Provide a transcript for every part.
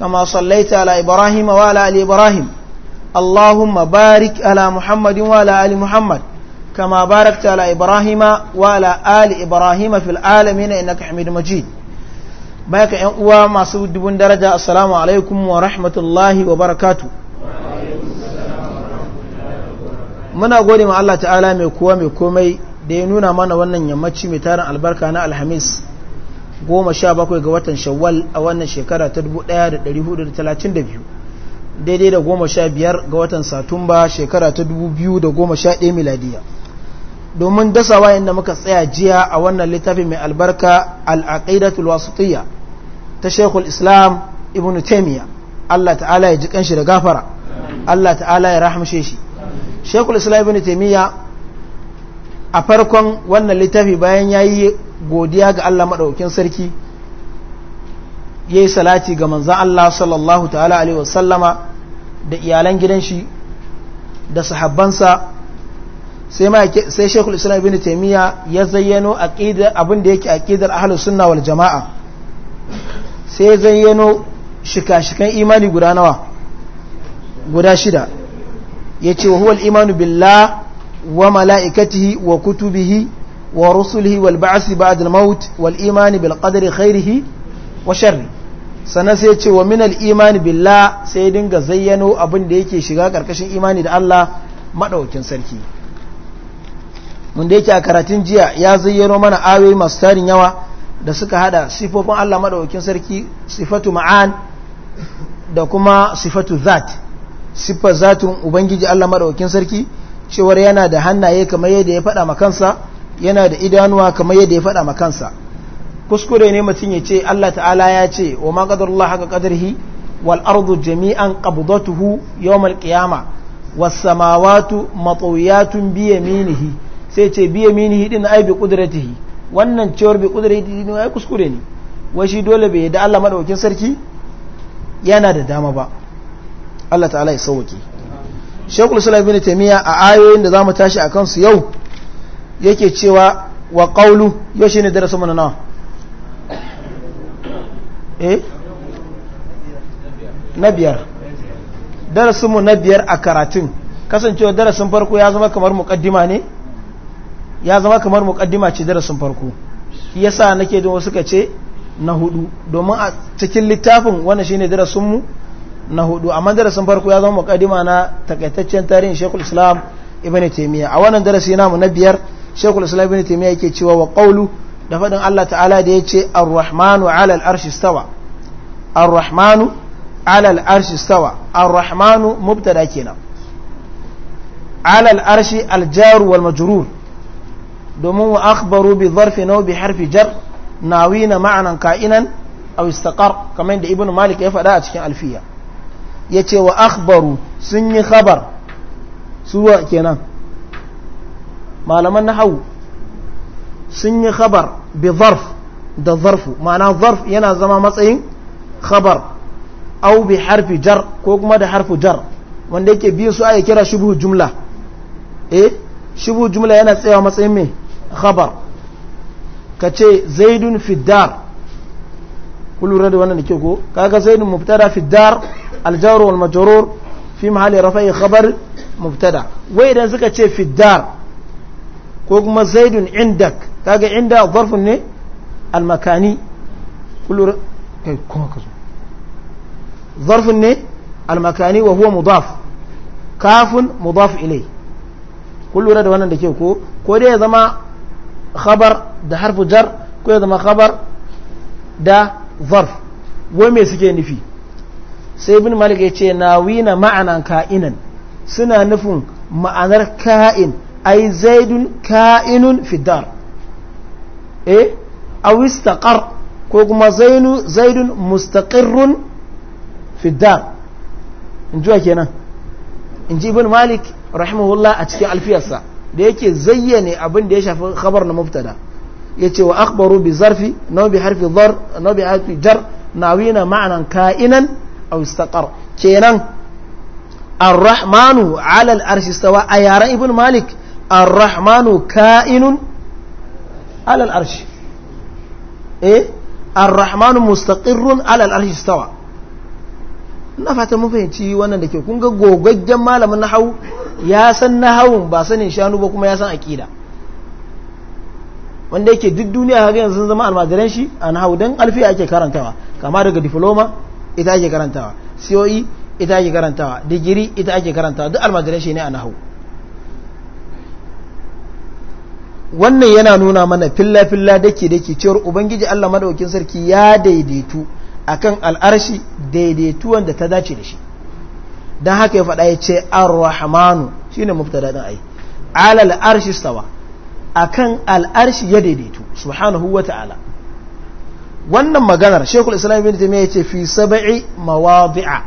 كما صليت على إبراهيم وعلى آل إبراهيم اللهم بارك على محمد وعلى آل محمد كما باركت على إبراهيم وعلى آل إبراهيم في العالمين إنك حميد مجيد بارك أن أوا ما سود بن درجة السلام عليكم ورحمة الله وبركاته muna gode ma Allah ta'ala mai kowa mai komai da ya nuna mana wannan yammaci mai tarin albarka na alhamis goma sha bakwai ga watan shawwal a wannan shekara ta biyu. daidai da goma sha biyar ga watan satumba shekara ta da 2011 miladiya domin dasa dasawa yadda muka tsaya jiya a wannan littafi mai albarka al'aqidatul wasitiyya ta shekul islam ibn taimiyya Allah ta'ala ya ji kanshi da gafara Allah ta'ala ya rahamshe shi shekul islam ibn taimiyya a farkon wannan littafi bayan ya yi godiya ga Allah maɗaukin sarki ya yi salati ga manzan Allah sallallahu ta'ala alaihi wasallama da iyalan gidan shi da sahabbansa sai shekul islam ibn taimiyya ya zayyano abin da yake aƙidar ahalus sunna wal jama'a sai ya zayyano shika-shikan imani guda nawa guda shida ya ce wa huwal imanu billah wa wa mala'ikatihi وملائكته وكتبه ورسله wal بعد الموت والإيمان بالقدر خيره وشره sannan sai ce wa minal imani billah sai dinga zayyano abin da yake shiga karkashin imani da Allah madaukin sarki mun da yake a karatun jiya ya zayyano mana awe masu tarin yawa da suka hada sifofin Allah madaukin sarki sifatu ma'an da kuma sifatu zat siffar zatun ubangiji Allah madaukin sarki cewar yana da hannaye kamar yadda ya faɗa makansa yana da idanuwa kamar yadda ya faɗa makansa kuskure ne mutum ya ce Allah ta'ala ya ce wa ma Allah haka hi wal ardu jami'an qabdatuhu yawmal qiyama was samawati matwiyatun bi yaminihi sai ce bi yaminihi din ai bi qudratihi wannan cewar bi qudratihi ne ai kuskure ne wai shi dole bai da Allah madaukakin sarki yana da dama ba Allah ta'ala ya sauke shekul islam ibn taimiyya a ayoyin da za mu tashi a kansu yau yake cewa wa ƙaulu yau shi ne darasin mana nawa eh na biyar darasinmu na biyar a karatun kasancewa darasin farko ya zama kamar muƙaddima ne ya zama kamar muƙaddima ce darasin farko yasa nake da wasu ka ce na hudu domin a cikin littafin wannan shine darasinmu na hudu amma darasin farko ya zama mukaddima na takaitaccen tarihin Sheikhul Islam Ibn Taymiyyah a wannan darasi namu na biyar Sheikhul Islam Ibn Taymiyyah yake cewa wa qawlu da fadin Allah ta'ala da yace Ar-Rahmanu 'ala al-arshi stawa Ar-Rahmanu 'ala al-arshi stawa Ar-Rahmanu mubtada kenan 'ala al-arshi al-jar wal majrur domin wa akhbaru bi dharfi naw bi harfi jar nawina ma'anan ka'inan aw istaqar kamar da Ibn Malik ya faɗa a cikin alfiya ya ce wa akhbaru sun yi khabar suwa kenan malaman nahawu sun yi khabar bi zarf da zarfu ma'ana zarf yana zama matsayin khabar au bi harfi jar ko kuma da harfu jar wanda yake biyu su ayi kira shubuhu jumla eh shubuhu jumla yana tsayawa matsayin me khabar ka ce zaidun fiddar ku lura da wannan da ke ko kaga zaidun mubtada fiddar aljaru wal majrur fi mahalli rafa'i khabar mubtada wai idan suka ce fiddar ko kuma zaidun indak kaga inda zarfun ne almakani kullu kai kuma ka zo almakani wa huwa mudaf kafun mudaf ilai kullu da wannan da ke ko ko dai ya zama khabar da harfu jar ko ya zama khabar da zarf wai me suke nufi sai ibn malik ya ce na ma'anan ka'inan suna nufin ma'anar ka'in ai zaidun ka'inun fidar eh awistaqar ko kuma zainu zaidun mustaqirrun fidar in jiwa kenan in ji ibn malik rahimahullah a cikin alfiyarsa da yake zayyane abin da ya shafi khabar na mubtada yace wa akhbaru bi zarfi naw bi harfi dhar naw bi harfi jar nawina ma'anan ka'inan aw istaqar kenan ar 'ala arshi stawa a yaran ibn malik ar-rahmanu ka'inun 'ala al-arshi eh ar stawa na fata mun fahimci wannan da ke kun ga gogaggen malamin na hau ya san na nahawun ba sanin shanu ba kuma ya san aƙida wanda yake duk duniya har yanzu zama almajiran shi a hau dan alfiya ake karantawa kama daga diploma ita ake karantawa siyoyi e ita ake karantawa digiri ita ake karantawa duk almajirai shi ne a nahu wannan yana nuna mana filla-filla dake-dake cewar ubangiji allah madaukin sarki ya daidaitu akan al'arshi daidaitu wanda ta dace da shi don haka ya faɗa ya ce ar-rahmanu shi ne mafita daɗin ai alal arshi stawa akan al'arshi ya daidaitu subhanahu wa ta'ala wannan maganar shekul islam ibn taymiya yace fi sab'i mawadi'a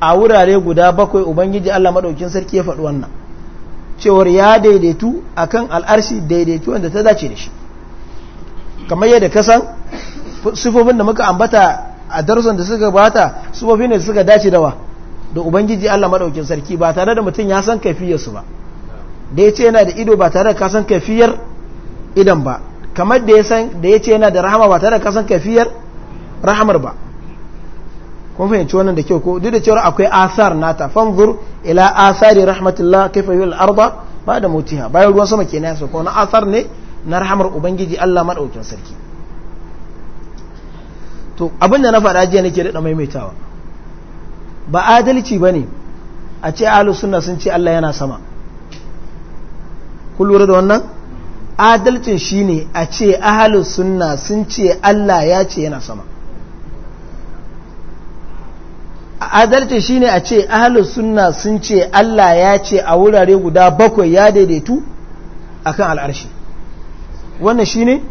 a wurare guda bakwai ubangiji Allah madaukin sarki ya faɗi wannan cewar ya daidaitu akan al'arshi daidaitu wanda ta dace da shi kamar yadda ka san sifofin da muka ambata a darusan da suka bata sifofin ne suka dace dawa da ubangiji Allah madaukin sarki ba tare da mutum ya san kafiyarsu ba da ya ce yana da ido ba tare da ka san kafiyar idan ba kamar da ya san da ya ce yana da rahama ba tare da kasan kafiyar rahamar ba kuma fahimci wannan da kyau ko duk da cewa akwai asar nata fanzur ila asari rahmatullah kaifa yul arda ba da mutiha bayan ruwan sama kenan sai ko na asar ne na rahamar ubangiji Allah madaukin sarki to abin da na faɗa jiya nake da maimaitawa ba adalci bane a ce ahlus sunna sun ce Allah yana sama ku lura da wannan adalcin shine a ce ahalus sunna sun ce Allah ya ce yana sama adalci shine a ce ahalus sunna sun ce Allah ya ce a wurare guda bakwai ya daidaitu a kan al'arshi wannan shine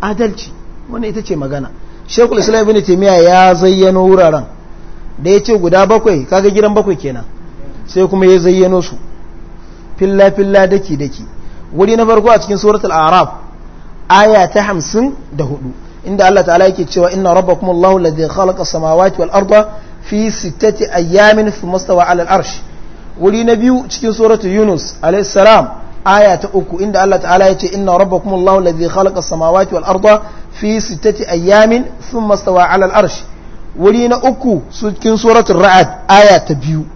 adalci wannan ita ce magana shekul islam ibn taimiyya ya zayyano wuraren da ya ce guda bakwai kaga gidan bakwai kenan sai kuma ya zayyano su filla filla daki daki wuri na farko a cikin suratul araf aya ta hamsin da hudu inda Allah ta'ala yake cewa inna rabbakum Allahu alladhi khalaqa samawati wal arda fi sittati ayyamin thumma stawa 'ala al arsh wuri na biyu cikin suratul yunus alayhi salam aya ta uku inda Allah ta'ala yace inna rabbakum Allahu alladhi khalaqa samawati wal arda fi sittati ayyamin thumma stawa 'ala al arsh wuri na uku cikin suratul ra'd aya ta biyu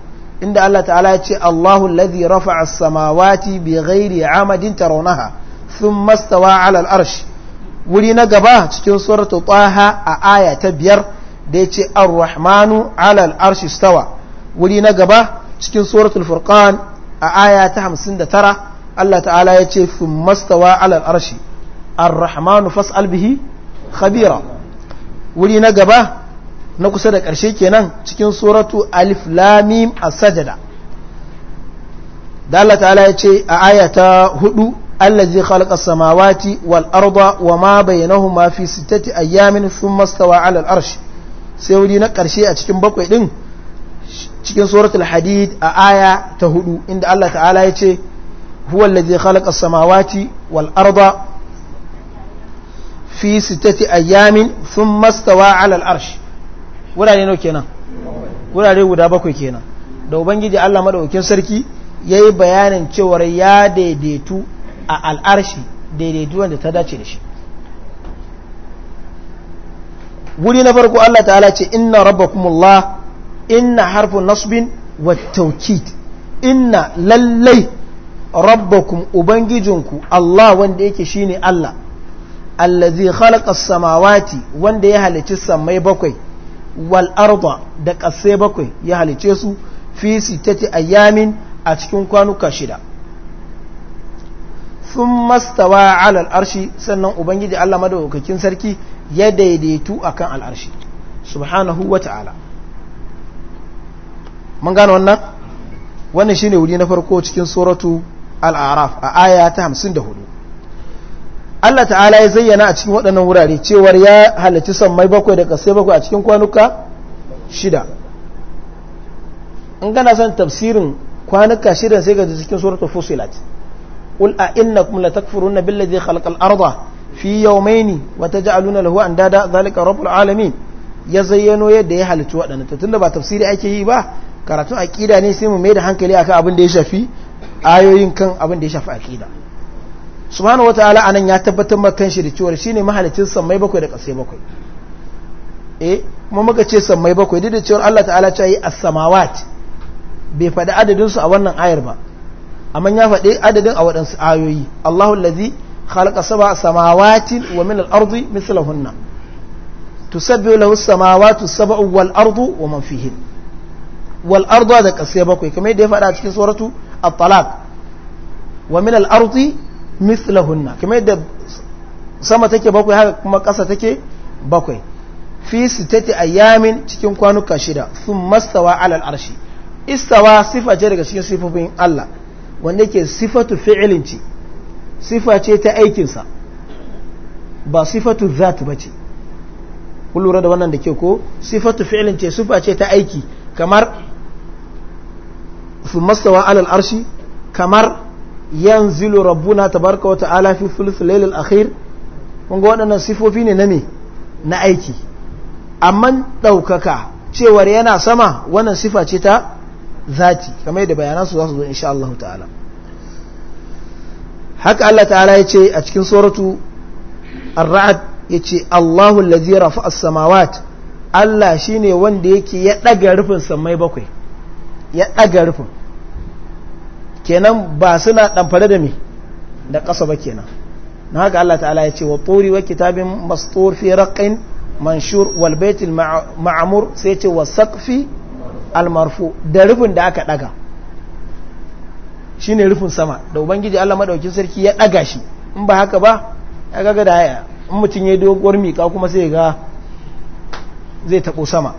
inda Allah ta'ala ya ce Allahu alladhi rafa'a as-samawati bighairi 'amadin tarawnaha thumma istawa 'ala al-arsh wuri na gaba cikin suratu taha a aya ta biyar da ya ce ar-rahmanu 'ala al-arsh istawa wuri na gaba cikin suratul furqan a aya ta 59 Allah ta'ala ya ce thumma istawa 'ala al arshi ar-rahmanu fas'al bihi khabira wuri na gaba na kusa da ƙarshe kenan cikin suratu alif lamim as-sajada da Allah ta'ala ya ce a ayata hudu allazi khalaqa samawati wal arda wa ma bainahuma fi sittati ayyamin thumma stawa 'ala al-arsh sai wuri na ƙarshe a cikin bakwai din cikin suratul hadid a aya ta hudu inda Allah ta'ala ya ce huwa allazi khalaqa samawati wal arda fi sittati ayyamin thumma stawa 'ala al-arsh wurare nau kenan wurare guda bakwai kenan da ubangiji Allah maɗaukin sarki ya yi bayanin cewar ya daidaitu a al'arshi daidaitu wanda ta dace da shi wuri na farko Allah ta'ala ce inna rabbakumullah inna harfu nasbin wa tawkid inna lallai rabbakum ubangijinku Allah wanda yake shine Allah allazi khalaqa samawati wanda ya halicci samai bakwai wal arda da ƙasai bakwai ya halice su fi sitati ayyamin a cikin kwanuka shida sun mastawa alal arshi sannan ubangiji Allah madaukakin sarki ya daidaitu akan al'arshi subhanahu wa ta'ala mun gano wannan wannan shine wuri na farko cikin suratu al'araf a aya ta 54 Allah ta'ala ya zayyana a cikin waɗannan wurare cewar ya halarci sammai bakwai da ƙasai bakwai a cikin kwanuka shida in gana son tafsirin kwanuka shida sai ga cikin suratul fusilat qul a innakum latakfuruna billadhi khalaqal arda fi yawmayni wa taj'aluna lahu andada zalika rabbul alamin ya zayyano yadda ya halarci waɗannan Ta tunda ba tafsiri ake yi ba karatu aqida ne sai mu mai da hankali akan abin da ya shafi ayoyin kan abin da ya shafi aqida subhanahu wataala anan ya tabbatar maka kanshi da cewa shine mahalicin sammai bakwai da ƙasai bakwai eh kuma muka ce sammai bakwai duk da cewa Allah ta'ala ta yi as-samawat bai faɗi adadin su a wannan ayar ba amma ya faɗi adadin a waɗansu ayoyi Allahu allazi khalaqa sab'a samawati wa min al-ardi mithlahunna tusabbihu lahu as-samawati sab'u wal ardu wa man fihin wal ardu da ƙasai bakwai kamar yadda ya faɗa cikin suratu at-talaq wa min al-ardi mislahunna kuma yadda sama take bakwai haka kuma ƙasa take bakwai fi sitati ayyamin cikin kwanuka shida sun mastawa alal arshi istawa sifa ce daga cikin sifofin Allah wanda yake sifatu fi'ilin ce sifa ce ta aikinsa ba sifatu zat ba ce kullura da wannan da ke ko sifatu fi'ilin ce sifa ce ta aiki kamar sun mastawa alal arshi kamar yanzilu rabbuna tabaraka wa ta'ala fi thuluth al akhir kun ga waɗannan sifofi ne na me na aiki amma ɗaukaka cewar yana sama wannan sifa ce ta zati kamar yadda bayanan su zasu zo insha Allah ta'ala haka Allah ta'ala ya ce a cikin suratu ar-ra'd yace Allahu allazi rafa'a as-samawat Allah shine wanda yake ya daga rufin samai bakwai ya daga rufin kenan ba suna ɗanfare da me da ƙasa ba kenan na haka Allah ta'ala ya ce wa turi wa kitabin mastur fi raqin manshur wal baitil ma'amur sai ce wa saqfi al da rufin da aka daga shine rufin sama da ubangiji Allah maɗaukin sarki ya daga shi in ba haka ba ya gaga da haya in mutum ya doguwar miƙa kuma sai ga zai tabo sama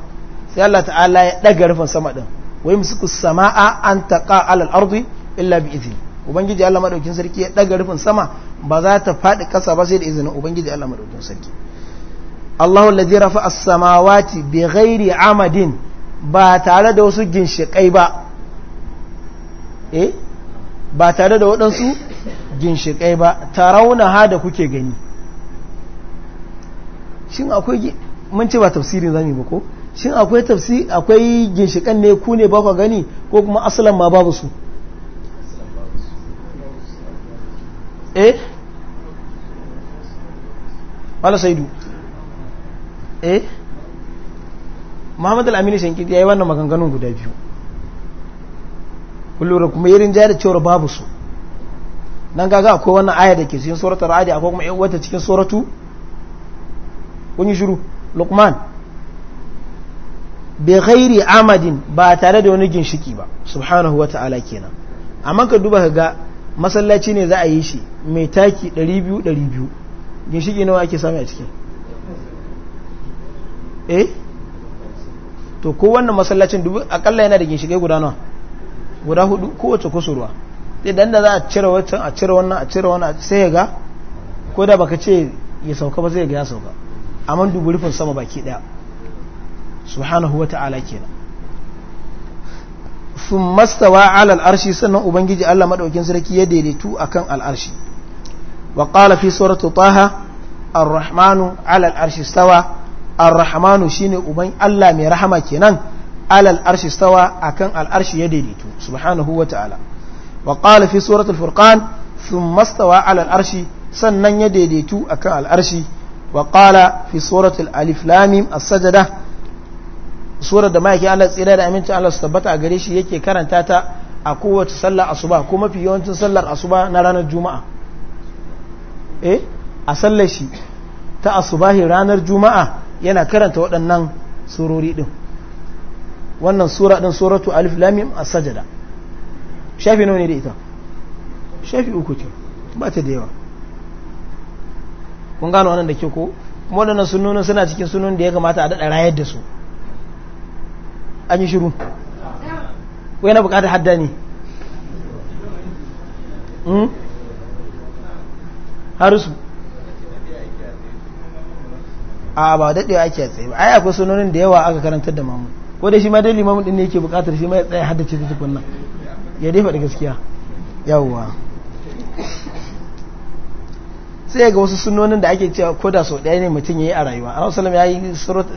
sai Allah ta'ala ya ɗaga rufin sama din wai musuku sama'a an taqa alal ardi illa bi izini ubangiji Allah madaukin sarki ya daga rufin sama ba za ta faɗi kasa ba sai da izinin ubangiji Allah madaukin sarki Allahu allazi rafa as-samawati bi ghairi amadin ba tare da wasu ginshikai ba eh ba tare da wadansu ginshikai ba tarauna ha da kuke gani shin akwai mun ce ba tafsirin zamu ba ko shin akwai tafsi akwai ginshikan ne ku ne ba ku gani ko kuma aslan ma babu su eh wala saidu eh muhammad al-amini sai kidi yi wannan maganganun guda biyu kullum kuma yirin jari cewa babu su nan gaga akwai wannan aya da ke cikin suratul ra'adi akwai kuma wata cikin suratu kun shuru luqman bi ghairi amadin ba tare da wani ginshiki ba subhanahu wata'ala kenan amma ka duba ka ga masallaci ne za a yi shi mai taki 200-200 ginshiki nawa ake sami a ciki eh to ko wannan masallacin dubu akalla yana da ginshikai guda nawa guda hudu kowace kusurwa sai danda da za a cire wancan a cire wannan a cire wannan sai ya ga ko da baka ce ya sauka ba sai ya ga ya sauka amma dubu rufin sama baki daya subhanahu wa ta'ala kenan sun mastawa alal arshi sannan ubangiji Allah maɗaukin sarki ya daidaitu a kan al'arshi wa ƙala fi suratu taha ar-rahmanu alal arshi stawa ar-rahmanu shine uban Allah mai rahama kenan alal arshi stawa akan al'arshi ya daidaitu subhanahu wa ta'ala wa ƙala fi suratul furqan sun mastawa alal arshi sannan ya daidaitu akan al'arshi wa ƙala fi suratul alif lamim as sajada. surar da ma'aikin Allah tsira da amincin Allah su tabbata a gare shi yake karanta ta a kowace sallar asuba ko mafi yawancin sallar asuba na ranar juma'a eh a sallar shi ta asubahi ranar juma'a yana karanta waɗannan surori din wannan sura din suratu alif mim as-sajda shafi nawa ne da ita shafi uku ce ba ta da yawa kun gano wannan da ke ko kuma waɗannan suna cikin sunonin da ya kamata a daɗa rayar da su an yi shiru wai na bukatar hadda ne hmm? harisu a ba daɗe ake a tsaye ba ai akwai sunonin da yawa aka karantar da mamu ko da shi ma dai limamun din ne yake bukatar shi ma ya tsaye haddace ta tukunna ya dai faɗi gaskiya yawwa sai ga wasu sunonin da ake cewa ko da sau ɗaya ne mutum ya yi a rayuwa a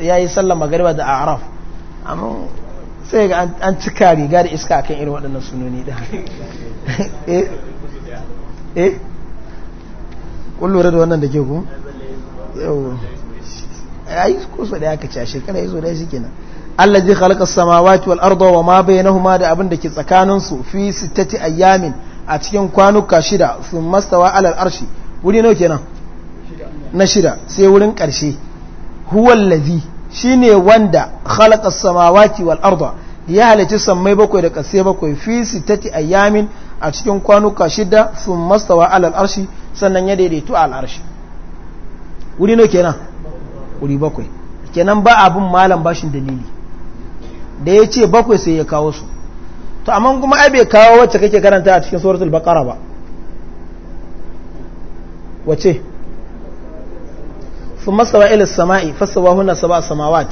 ya yi sallar magariba da araf amma sai ga an cika riga da iska akan irin waɗannan sunoni da eh eh kun lura da wannan da ke ku yau ai ko so da aka ci a shekara yazo da shi kenan allah allazi sama samawati wal arda wa ma bainahuma da abin da ke tsakanin su fi a yamin a cikin kwanuka shida sun mastawa alal arshi wuri nawa kenan na shida sai wurin karshe huwallazi shine wanda khalaqa samawati wal arda ya halarci samai bakwai da kasai bakwai fi sitati ayyamin a cikin kwanuka shida sun mastawa al arshi sannan ya daidaito al arshi wuri ne kenan wuri bakwai kenan ba abin malam bashin dalili da ya ce bakwai sai ya kawo su to amma kuma ai bai kawo wacce kake karanta a cikin suratul baqara ba wace sun masawa ilis sama'i fasawa huna saba samawat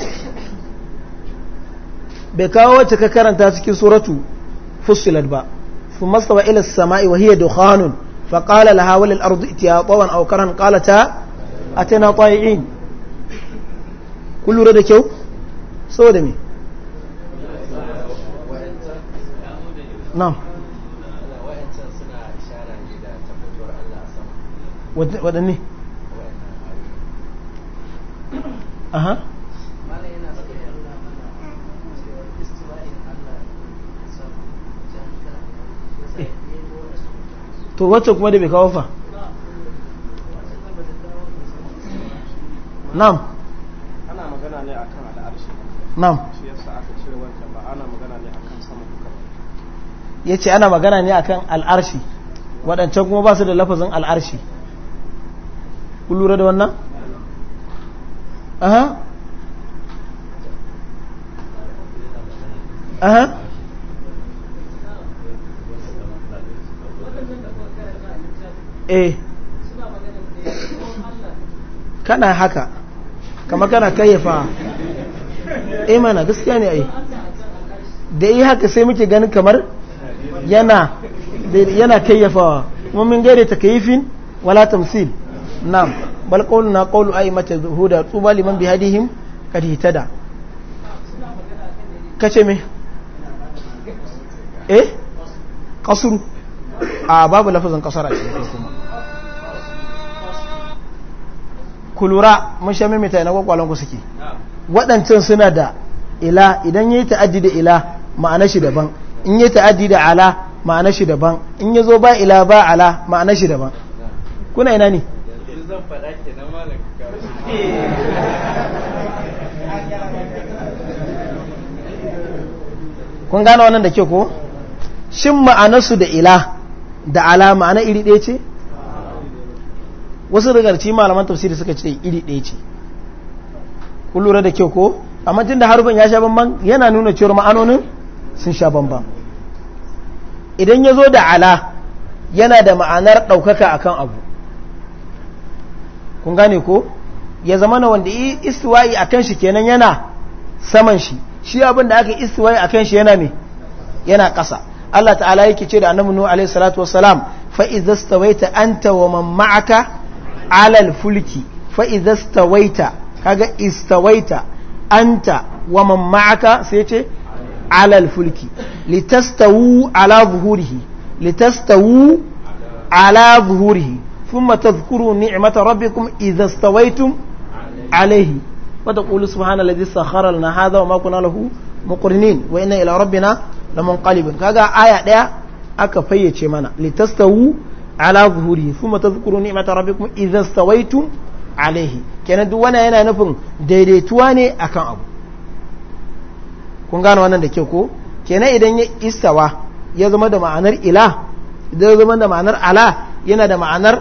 bai kawo wacce ka karanta cikin suratu fussilat ba sun masawa ilis sama'i wa hiya dukhanun fa qala laha wal ardu itiya tawan aw karan a atana tayi'in kun lura da kyau saboda me na'am waɗanne aha to wacce kuma da bai kawo fa nam ana magana ne a kan al'arshi nam shi yasa aka cire wancan ba ana magana ne a kan saman sama Ya ce ana magana ne a kan al'arshi waɗancan kuma ba su da lafazin al'arshi kun lura da wannan aha aha eh kana haka kama kana kayyafa eh mana gaskiya ne ai da yi haka sai muke ganin kamar yana yana kayyafawa kuma min gaire ta kayifin wala tamsil na'am bal qawluna qawlu a'immatu huda tuba liman bihadihim kadi tada kace me eh qasru a babu lafazin kasar a kuma kulura mun sha mimita na kwakwalon ku suke waɗancan suna da ila idan yi ta'addi da ila ma'ana shi daban in yi ta'addi da ala ma'ana shi daban in ya zo ba ila ba ala ma'ana shi daban kuna ina ne zan faɗa ke na malam ka kun gano wannan da ke ko shin ma'anarsu da ila da ala ma'ana iri ɗaya ce wasu rigarci malaman tafsiri suka ce iri ɗaya ce kun lura da ke ko amma tun da harufin ya sha bambam yana nuna cewar ma'anonin sun sha bambam idan ya zo da ala yana da ma'anar ɗaukaka akan abu kun gane ko ya zama na wanda istiwa'i a kan shi kenan yana saman shi shi abin da aka istiwa'i a kan shi yana ne yana ƙasa Allah ta'ala yake ce da annabi nuhu alaihi salatu wassalam fa idza stawaita anta wa man ma'aka ala al-fulki fa idza stawaita kaga istawaita anta wa man ma'aka sai ce ala al-fulki litastawu ala zuhurihi litastawu ala zuhurihi ثم تذكروا نعمة ربكم إذا استويتم عليه وتقول سبحان الذي سخر لنا هذا وما كنا له مقرنين وإنا إلى ربنا لمنقلب كذا آية ده aka fayyace mana litastawu ala zuhuri kuma tazkuru ni'mata rabbikum idza istawaytum alaihi kenan duwana yana nufin daidaituwa ne akan abu kun gane wannan da kyau ko kena idan ya istawa ya zama da ma'anar ila idan ya zama da ma'anar ala yana da ma'anar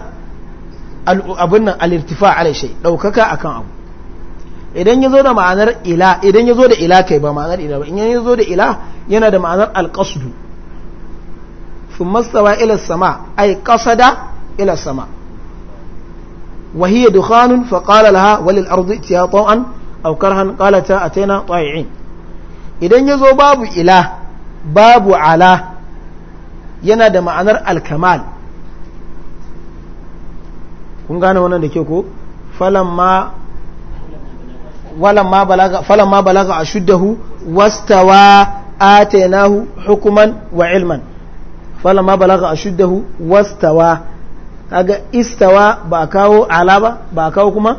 abin nan alirtifa alai ɗaukaka a akan abu idan yazo da ma'anar ila idan yazo da ila kai ba ma'anar ila ba in yazo da ila yana da ma'anar alqasdu thumma stawa ila sama ay qasada ila sama wa dukhanun fa qala laha walil ardi tiya taw'an aw karhan qalata ataina ta'i'in idan yazo babu ila babu ala yana da ma'anar alkamal kun gane wannan da ke ko falamma walamma balaga falamma balaga ashuddahu wastawa atainahu hukuman wa ilman falamma balaga ashuddahu wastawa kaga istawa ba kawo ala ba ba kawo kuma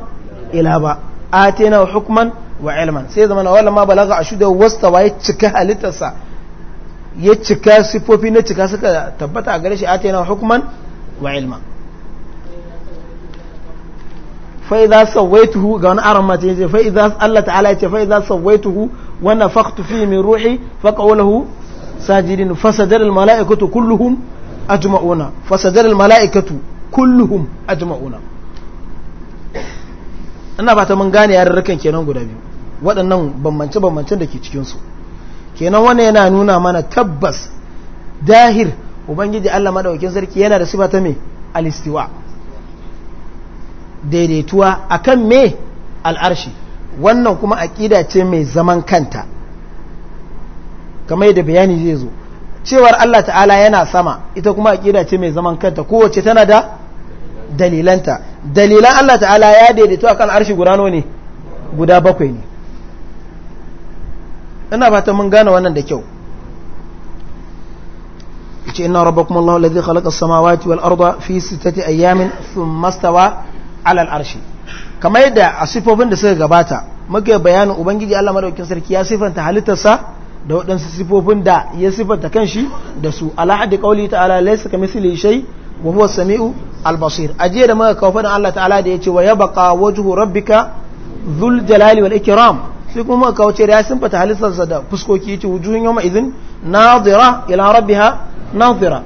ila ba atainahu hukuman wa ilman sai zamana walamma balaga ashuddahu wastawa ya cika halittarsa ya cika sifofi na cika suka tabbata a gare shi atainahu hukuman wa ilman fa idza sawaituhu ga wani aran mace yace Allah ta'ala yace fa idza sawaituhu wa nafakhtu fihi min ruhi fa qawluhu sajidin fasajara al mala'ikatu kulluhum ajma'una fasajara al mala'ikatu kulluhum ajma'una ina ba ta mun gane yarurrukan kenan guda biyu waɗannan bambance bambancen da ke cikin su kenan wannan yana nuna mana tabbas dahir ubangiji Allah madaukakin sarki yana da sifa ta me al-istiwa' daidaituwa akan me al'arshi wannan kuma aƙida ce mai zaman kanta kamar yadda bayani zai zo cewar Allah ta'ala yana sama ita kuma aƙida ce mai zaman kanta kowace tana da dalilanta dalilan Allah ta'ala ya daidaitu a kan arshi guda ne guda bakwai ne ina fata mun gane wannan da kyau yace ina rabbakum Allahu alladhi samawati wal arda fi sittati ayyamin thumma mastawa. alal arshi kamar yadda a sifofin da suka gabata muke bayanin ubangiji Allah madaukakin sarki ya sifanta halittarsa da waɗansu sifofin da ya sifanta kanshi da su ala kauli qauli ta'ala laysa kamithli shay wa huwa samiu al-basir ajiya da muka kawo Allah ta'ala da yace wa yabqa wajhu rabbika dhul jalali wal ikram sai kuma muka kawo ya sifanta halittarsa da fuskoki yace wujuhun yawma idhin nadira ila rabbiha nadira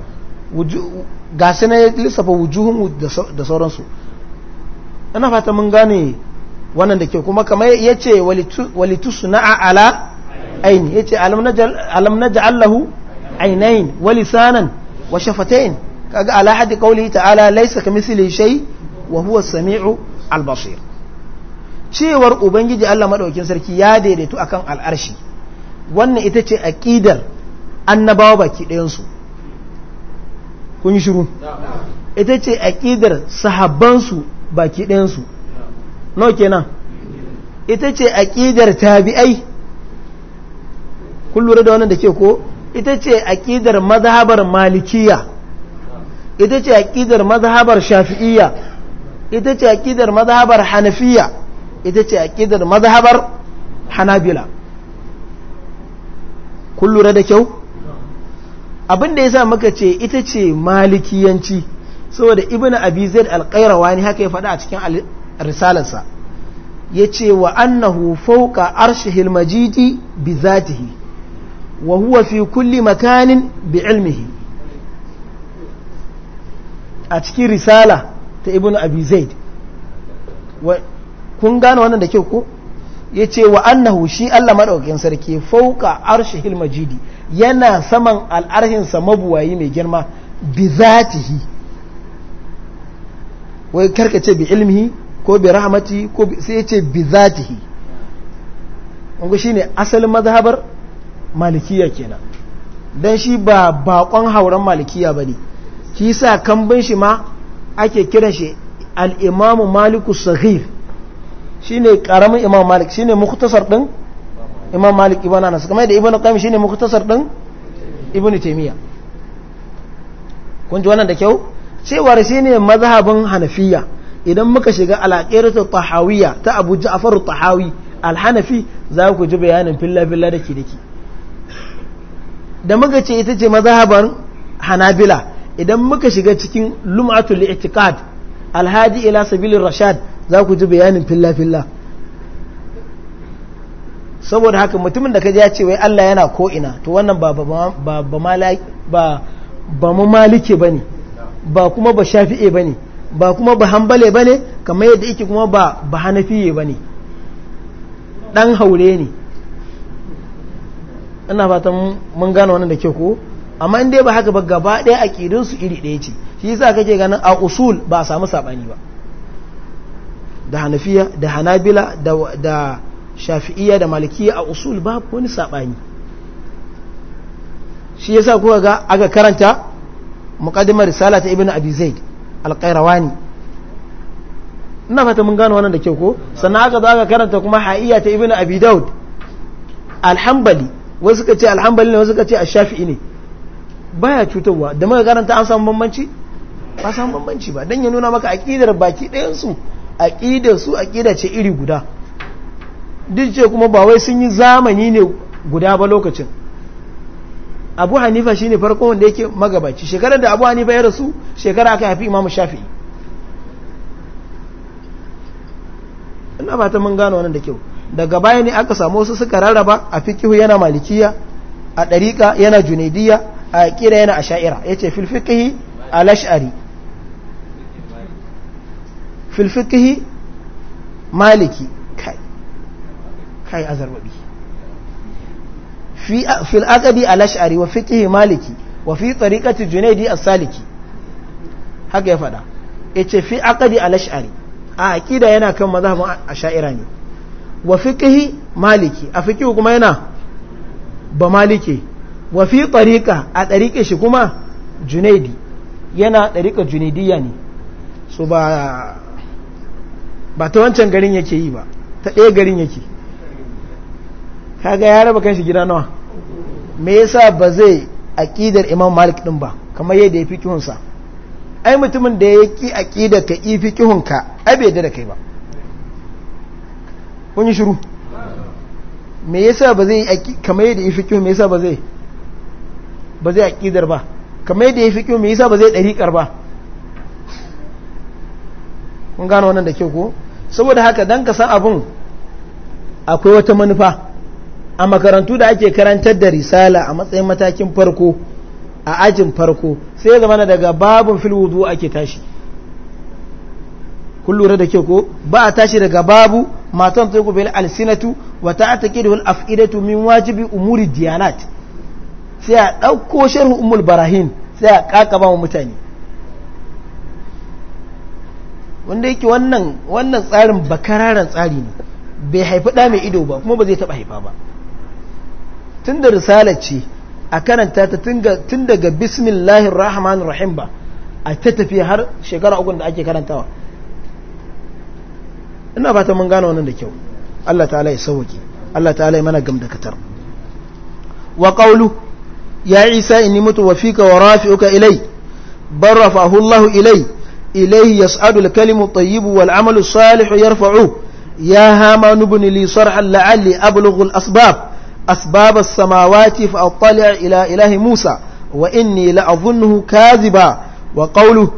ga sai na lissafa wujuhun da sauransu ina fata mun gane wannan da ke kuma kamar ya ce walitu suna'a ala aini ya ce alam allahu ja'allahu wali walisanan wa shafatain kaga ala hadi qawli ta'ala laysa kamithlihi shay wa huwa samiu cewar ubangiji Allah madaukin sarki ya daidaitu akan al'arshi wannan ita ce aqidar annabawa baki ɗayan su kun yi shiru ita ce aqidar sahabban baki ɗayansu no kenan ita ce aƙidar tabi'ai kun lura da wannan da ke ko ita ce aƙidar mazhabar malikiya ita ce aƙidar mazhabar shafi'iyya ita ce aƙidar mazhabar hanafiya ita ce aƙidar mazhabar hanabila kun lura da kyau abinda ya sa muka ce ita ce malikiyanci saboda ibn abi zaid al-qayrawani haka ya faɗa a cikin risalarsa yace wa annahu fawqa arshihil majidi bi zatihi wa huwa fi kulli makanin bi ilmihi a cikin risala ta ibn abi zaid kun gane wannan da kyau ko ya ce wa annahu shi Allah maɗaukakin sarki fauka arshihil majidi yana saman al'arshinsa mabuwayi mai girma bi zatihi wai karka ce bi ilmihi ko bi rahmati ko sai ya ce bi zatihi shi ne asalin mazhabar malikiya kenan don shi ba bakon hauren malikiya ne shi sa kambin shi ma ake kiran shi al maliku sahir shi shine karamin imam malik shine mukhtasar ɗin imam malik ibn anas kamar da ibn qayyim shine mukhtasar din ibn taymiya kun ji wannan da kyau cewar shi ne mazhabin hanafiya idan muka shiga ta tahawiyya ta abu ja'far tahawi alhanafi za ku ji bayanin filla-filla da ke da ke da muka ce ita ce mazhaban hanabila idan muka shiga cikin lum'atul itikad alhaji ila sabilin rashad za ku ji bayanin filla-filla saboda haka mutumin da ji ya ce wai Allah yana ko ina to wannan ba ba ba ba ne. bane ba kuma ba shafi'e ba ba kuma ba hambale ba ne kamar yadda yake kuma ba ba hanafiye ba ne ɗan haure ne ina fatan mun gane wannan da ke ko amma in dai ba haka ba gaba ɗaya su iri ɗaya ce shi yasa kake ganin a usul ba a samu saɓani ba da hanafiya da hanabila da, da shafi'iya da malikiya a usul ba wani saɓani shi yasa kuka ga aka karanta muqaddimar risala ta ibnu abi zaid al-qayrawani ina fata mun gano wannan da kyau ko sannan aka zo aka karanta kuma ha'iya ta ibn abi daud alhambali wasu ka ce alhambali ne wasu ka ce ash-shafi'i ne baya cutarwa da muka karanta an samu bambanci ba samu bambanci ba dan ya nuna maka aqidar baki ɗayan su aqidar su aqida ce iri guda duk ce kuma ba wai sun yi zamani ne guda ba lokacin abu hanifa shine farko wanda yake magabaci shekarar da abu hanifa ya rasu shekara aka haifi imamu shafi'i ina ba ta mun gano wannan da kyau daga baya ne aka samu wasu suka rarraba a fikihu yana malikiya a ɗariƙa yana junaidiyya a ƙira yana asha'ira sha'ira ya ce filfikihi a lash'ari filfikihi maliki kai kai azarwabi في في الأقدي الأشعري وفقه مالكي وفي طريقة جنيدي السالكي haka ya faɗa ya ce fi akadi alash'ari a aƙida yana kan mazhabin asha'ira ne wa fiqhi maliki a fiqhi kuma yana ba maliki wa fi tariqa a tariqe shi kuma junaidi yana tariqa junaidiya ne so ba ba ta wancan garin yake yi ba ta ɗaya garin yake kaga ya raba kanshi gida nawa me yasa ba zai aƙidar imam malik ɗin ba kamar yadda ya fi kihunsa ai mutumin da ya ki aƙidar ka yi fi kihunka ai bai da kai ba kun yi shiru me yasa ba zai kamar yadda ya fi kihun me yasa ba zai ba zai aƙidar ba kamar yadda ya fi kihun me yasa ba zai ɗariƙar ba kun gano wannan da kyau ko saboda haka dan ka san abun akwai wata manufa a makarantu da ake karantar da risala a matsayin matakin farko a ajin farko sai ya na daga babin filwudu ake tashi kun lura da ke ko ba a tashi daga babu matan ta bil alsinatu wa ta ta kidul af'idatu min wajibi umuri diyanat sai a ɗauko sharhu umul barahin sai a kakaba wa mutane wanda yake wannan wannan tsarin bakararan tsari ne bai haifi ɗa mai ido ba kuma ba zai taɓa haifa ba tun da risala ce a karanta ta tun daga bismillahir rahmanir rahim ba a ta tafi har shekara uku da ake karantawa ina fata mun gane wannan da kyau Allah ta'ala ya sauke Allah ta'ala ya mana gamdakatar wa qawlu ya isa inni mutu wa fika wa rafi'uka ilai barrafahu Allah ilai ilai yas'adu al-kalimu tayyib wal 'amalu salihu salih yarfa'u ya hama nubni li sarhan la'alli ablughu al-asbab أسباب السماوات فأطلع إلى إله موسى وإني لأظنه كاذبا وقوله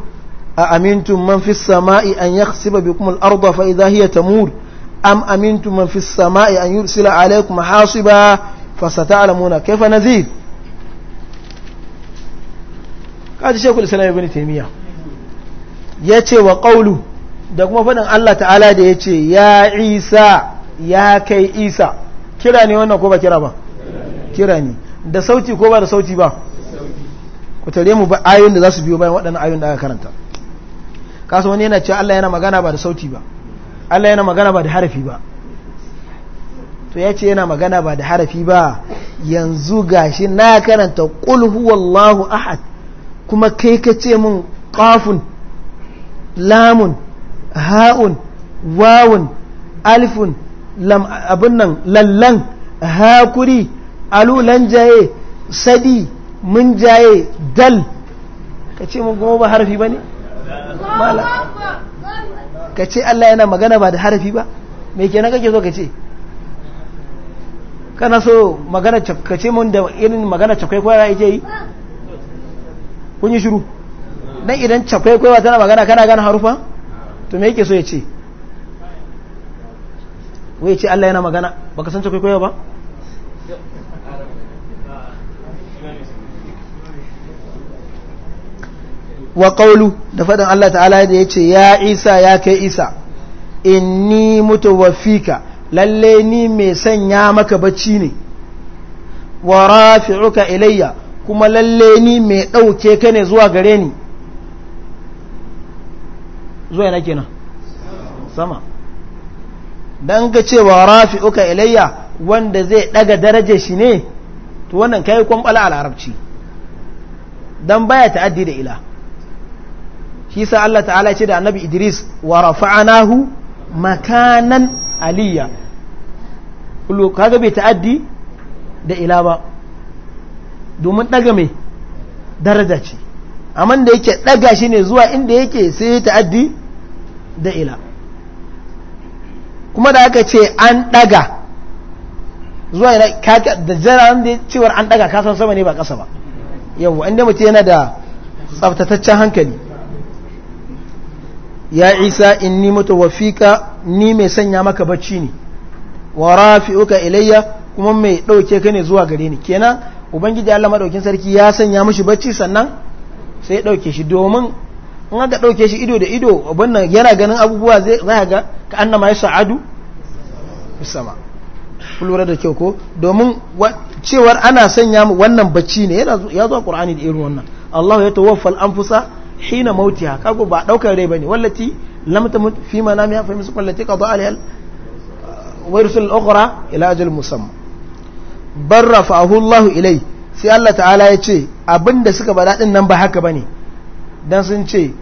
أأمنتم من في السماء أن يخسب بكم الأرض فإذا هي تمور أم أمنتم من في السماء أن يرسل عليكم حاصبا فستعلمون كيف نذير قال شيخ الإسلام ابن تيمية يتي وقوله da kuma faɗin Allah ta'ala da ya ce ya isa ya kai isa kira ne wannan ko ba kira ba kira ne da sauti ko ba da sauti ba ku tare mu ba ayoyin da za su biyo bayan waɗannan ayoyin da aka karanta kasu wani yana cewa Allah yana magana ba da sauti ba Allah yana magana ba da harafi ba to ya ce yana magana ba da harafi ba yanzu gashi na karanta qul huwallahu ahad kuma kai ka ce mun qafun lamun ha'un wawun alifun abin nan lallan hakuri alulan jaye sadi mun jaye dal ka ce mun goma ba harafi ba ne? ka ce Allah yana magana ba da harafi ba mai kenan kake so ka ce kana so magana ka ce mun da irin magana cakwai kwaya yake yi kun yi shiru na idan cakwai kwaya tana magana kana gana harufa to me yake so ya ce wai ce Allah yana magana ka san ce kwaikwayo ba wa qawlu da faɗin Allah ta'ala da ya ce ya isa ya kai isa in ni inni wafika lalle ni mai sanya maka bacci ne wa rafi'uka ilayya kuma lalle ni mai ɗauke ka ne zuwa gare ni zuwa yana kenan sama dan ga cewa rafi'uka ilayya wanda zai daga daraje shi ne to wannan kai kwambala a larabci dan baya ta'addi da ila shi sa Allah ta'ala ce da annabi Idris wa rafa'anahu makanan aliyya kullu kaga bai ta'addi da ila ba domin daga mai daraja ce amma da yake daga shi ne zuwa inda yake sai ta'addi da ila kuma da aka ce an daga zuwa yana da jiran da cewar an daga kasan sama ne ba kasa ba yau inda mutu yana da tsaftataccen hankali ya isa in ni mutu mutawafika ni mai sanya maka bacci ne wa rafi'uka ilayya kuma mai dauke ka ne zuwa gare ni kenan ubangiji Allah madaukin sarki ya sanya mishi bacci sannan sai ya dauke shi domin in aka ɗauke shi ido da ido abin nan yana ganin abubuwa zai ga ka annama ya sa'adu sama lura da kyau ko domin cewar ana sanya mu wannan bacci ne ya zo ƙura'ani da irin wannan Allah ya an fusa hina mautiha kago ba ɗaukar rai ne wallati lam tamut fi manami ya fahimsu wallati zo alayhal wai rusul ukhra ila ajal Barra faahu Allah ilai sai Allah ta'ala ya ce abinda suka ba daɗin nan ba haka ba ne. dan sun ce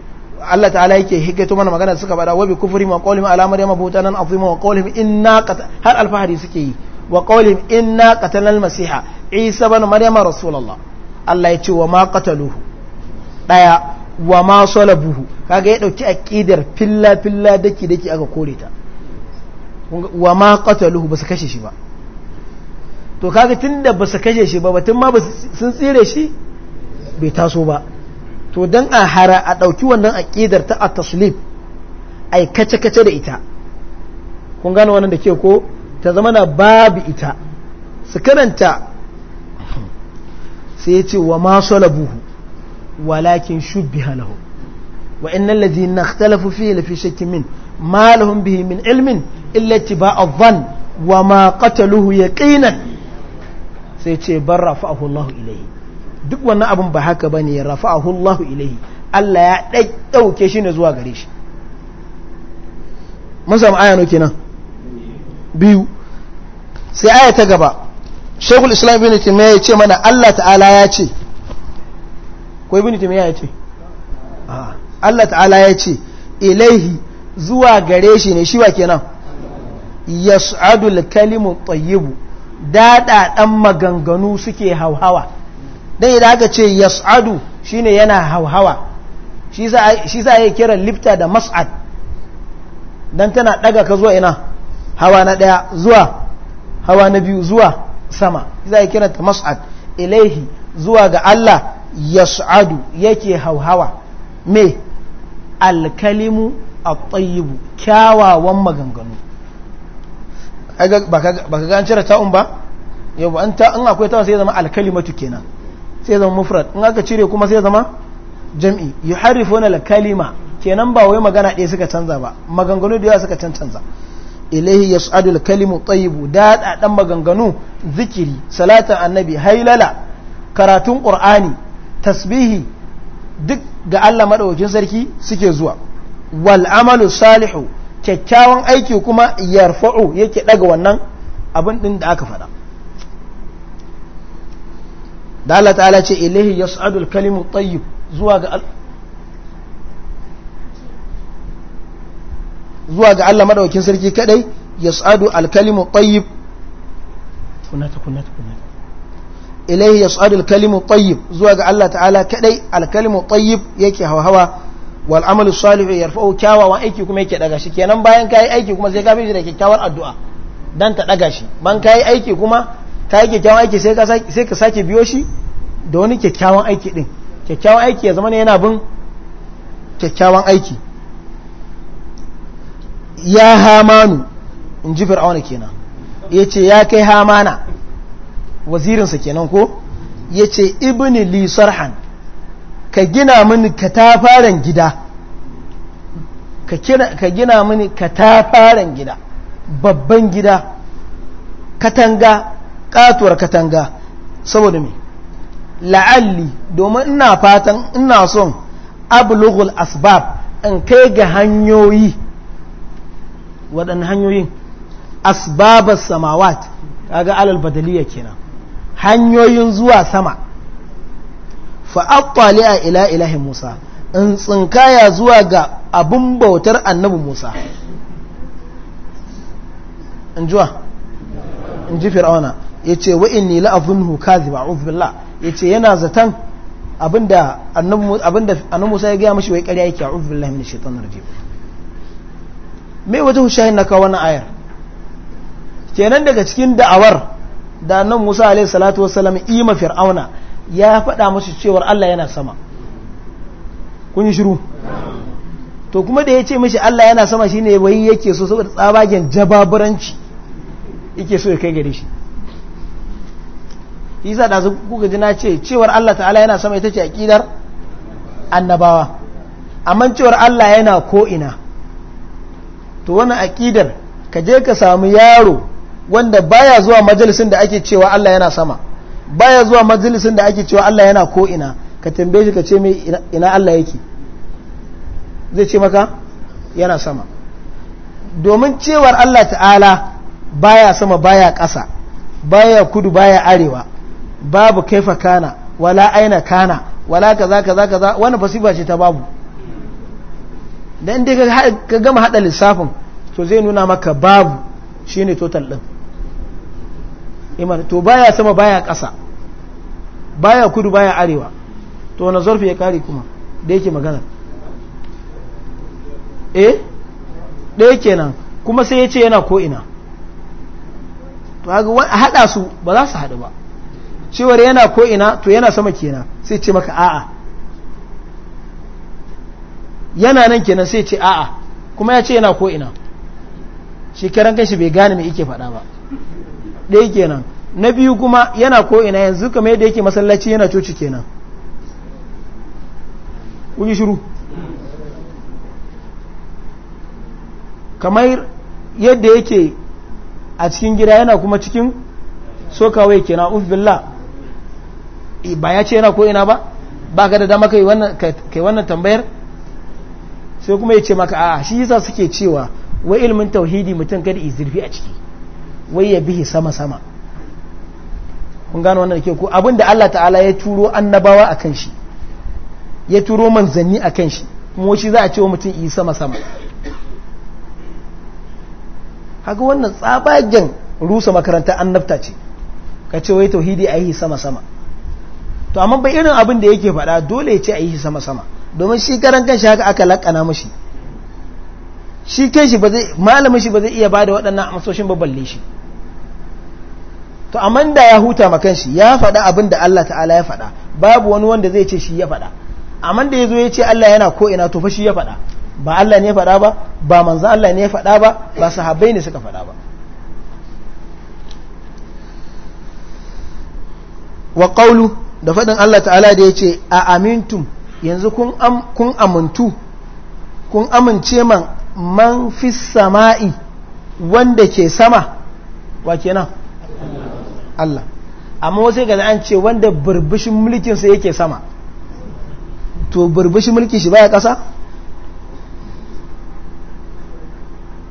Allah ta'ala yake hikaito mana magana suka bada wa bi kufri ma qawlim ala maryama butanan azima wa qawlim inna har alfahari suke yi wa qawlim inna qatalna almasiha masiha isa ibn maryama rasulullah Allah ya ce wa ma qataluhu daya wa ma salabuhu kaga ya dauki aqidar filla filla daki daki aka kore ta wa ma qataluhu basu kashe shi ba to kaga tunda basu kashe shi ba batun ma sun tsire shi bai taso ba to don a hara a ɗauki wannan aƙidar ta a taslib a kace-kace da ita kun gane wannan da ke ko ta zama na babu ita su karanta sai ya ce wa masu labuhu walakin shubbi halahu wa innan lazi na talafu fiye lafi shakki min ma lahun bihi min ilmin illati ba a van wa ma kataluhu ya ƙinan sai ce bar rafa'ahu Allah ilaihi duk wannan abin ba haka ba ne ya a hullahu ilaihi Allah ya ɗauke shi ne zuwa gare shi mun amma aya no nan. biyu sai aya ta gaba shekul Islam bin itime ya ce mana Allah ta'ala ya ce kwai bin itime ya ce Allah ta'ala ya ce ilaihi zuwa gare shi ne shi wa kenan yas'adul kalimun tsayibu daɗaɗan maganganu suke hauhawa dan idan aka ce yas'adu shine yana hauhawa shi za a yi kiran lifta da mas'ad dan tana daga ka zuwa ina hawa na daya zuwa hawa na biyu zuwa sama za a yi ta mas'ad ilaihi zuwa ga Allah yas'adu yake hauhawa me alkalimu at-tayyibu kyawawan maganganu ba ka ga an cire ta'un ba yau an ta an akwai ta'un sai zama alkalimatu kenan sai zama mufrad in aka cire kuma sai zama jam'i yuharrifuna la kalima kenan ba wai magana ɗaya suka canza ba maganganu da yawa suka cancanza ya yas'adu al-kalimu tayyibu da dan maganganu zikiri salatin annabi hailala karatun qur'ani tasbihi duk ga Allah madaukakin sarki suke zuwa wal amalu salihu kyakkyawan aiki kuma yarfa'u yake ɗaga wannan abin din da aka faɗa da Allah ta'ala ce ya su'adul kalimu tayyib zuwa ga Allah maɗaukin sarki kadai ya al-kalimu tayyib ya zuwa ga Allah ta'ala kadai al-kalimu tayyib yake hawa wal amalu salihu yarfa'u kyawawan aiki kuma yake daga shi kenan bayan yi aiki kuma sai ka shi da kyakkyawar addu'a dan ta ɗaga shi ban yi aiki kuma ka yi kyakkyawan aiki sai ka sake biyo shi da wani kyakkyawan aiki din kyakkyawan aiki ya zama ne yana bin kyakkyawan aiki ya hamanu in ji fir'auna kenan ya ce ya kai hamana wazirinsa kenan ko ya ce ibini lisarhan ka gina mini katafaren gida ka gina mini katafaren gida babban gida katanga katuwar katanga saboda mai, la'alli domin ina fatan ina son ablughul asbab in kai ga hanyoyi waɗanne hanyoyin asbabar samawat kaga alal badaliya kenan hanyoyin zuwa sama fa'attali a ila ilahin musa in tsinkaya zuwa ga abin bautar annabi musa in juwa in ji fir'auna yace ce wa’in la azunhu kadhiba a'udhu billah yace yana ce abinda zaton abinda annan Musa ya gaya mashi wai ƙarya yake a'udhu billahi Shaitan shaitanir rajim me wajen shahin na kawo wannan ayar kenan daga cikin da'awar da annan Musa alaihi salatu wassalam ima fir'auna ya faɗa mashi cewar Allah yana sama kun yi shiru to kuma da ya ce mashi Allah yana sama shine wai yake so saboda tsabagen jababuranci yake so ya kai gare shi yasa da kuka ji na ce cewar Allah ta'ala yana sama ita ce aqidar annabawa amma cewar Allah yana ko ina to wannan aqidar ka je ka samu yaro wanda baya zuwa majalisin da ake cewa Allah yana sama baya zuwa majalisin da ake cewa Allah yana ko ina ka tambaye shi ka ce mai ina Allah yake zai ce maka yana sama domin cewar Allah ta'ala baya sama baya ƙasa baya kudu baya arewa babu kaifa kana wala aina kana wala kaza kaza kaza wani fasifa ce ta babu dan dai ka gama hada lissafin to zai nuna maka babu shine total din imani to baya sama baya kasa baya kudu baya arewa to wani zarfi ya kare kuma da yake magana eh ɗaya kenan kuma sai ya ce yana ko ina to haɗa su ba za su haɗu ba cewar yana ko ina to yana sama kenan sai ce maka a'a yana nan kenan sai ce a'a kuma ya ce yana ko ina shi karan kanshi bai gane me yake faɗa ba ɗaya kenan na biyu kuma yana ko ina yanzu kamar yadda yake masallaci yana coci kenan kun shiru kamar yadda yake a cikin gida yana kuma cikin sokawai kenan uf billah Eh, ba ya ce yana ko ina ba ba ka da dama kai wannan wannan tambayar sai kuma ya ce maka a shi yasa suke cewa wai ilmin tauhidi mutum kada yi zurfi a ciki wai ya bihi sama sama kun gano wannan ke ko abin da Allah ta'ala ya turo annabawa akan shi ya turo manzanni akan shi kuma shi za a ce wa mutum yi sama sama haka wannan tsabagen rusa makaranta annabta ce ka ce wai tauhidi a yi sama sama to amma bai irin abin da yake faɗa dole ya ce a yi sama sama domin shi karan kanshi haka aka lakana mashi shi shi ba zai malamin shi ba zai iya ba da waɗannan amsoshin ba balle shi to amma da ya huta ma shi ya faɗa abin da Allah ta'ala ya faɗa babu wani wanda zai ce shi ya faɗa amma da ya zo ya ce Allah yana ko ina to fa shi ya faɗa ba Allah ne ya faɗa ba ba manzo Allah ne ya faɗa ba ba sahabbai ne suka faɗa ba wa qawlu da faɗin Allah ta'ala da ya ce a amintum yanzu kun amintu kun amince man man fi sama'i wanda ke sama wa kenan Allah amma wasu gaza an ce wanda burbushin mulkinsa yake sama to burbushin mulki shi baya ƙasa?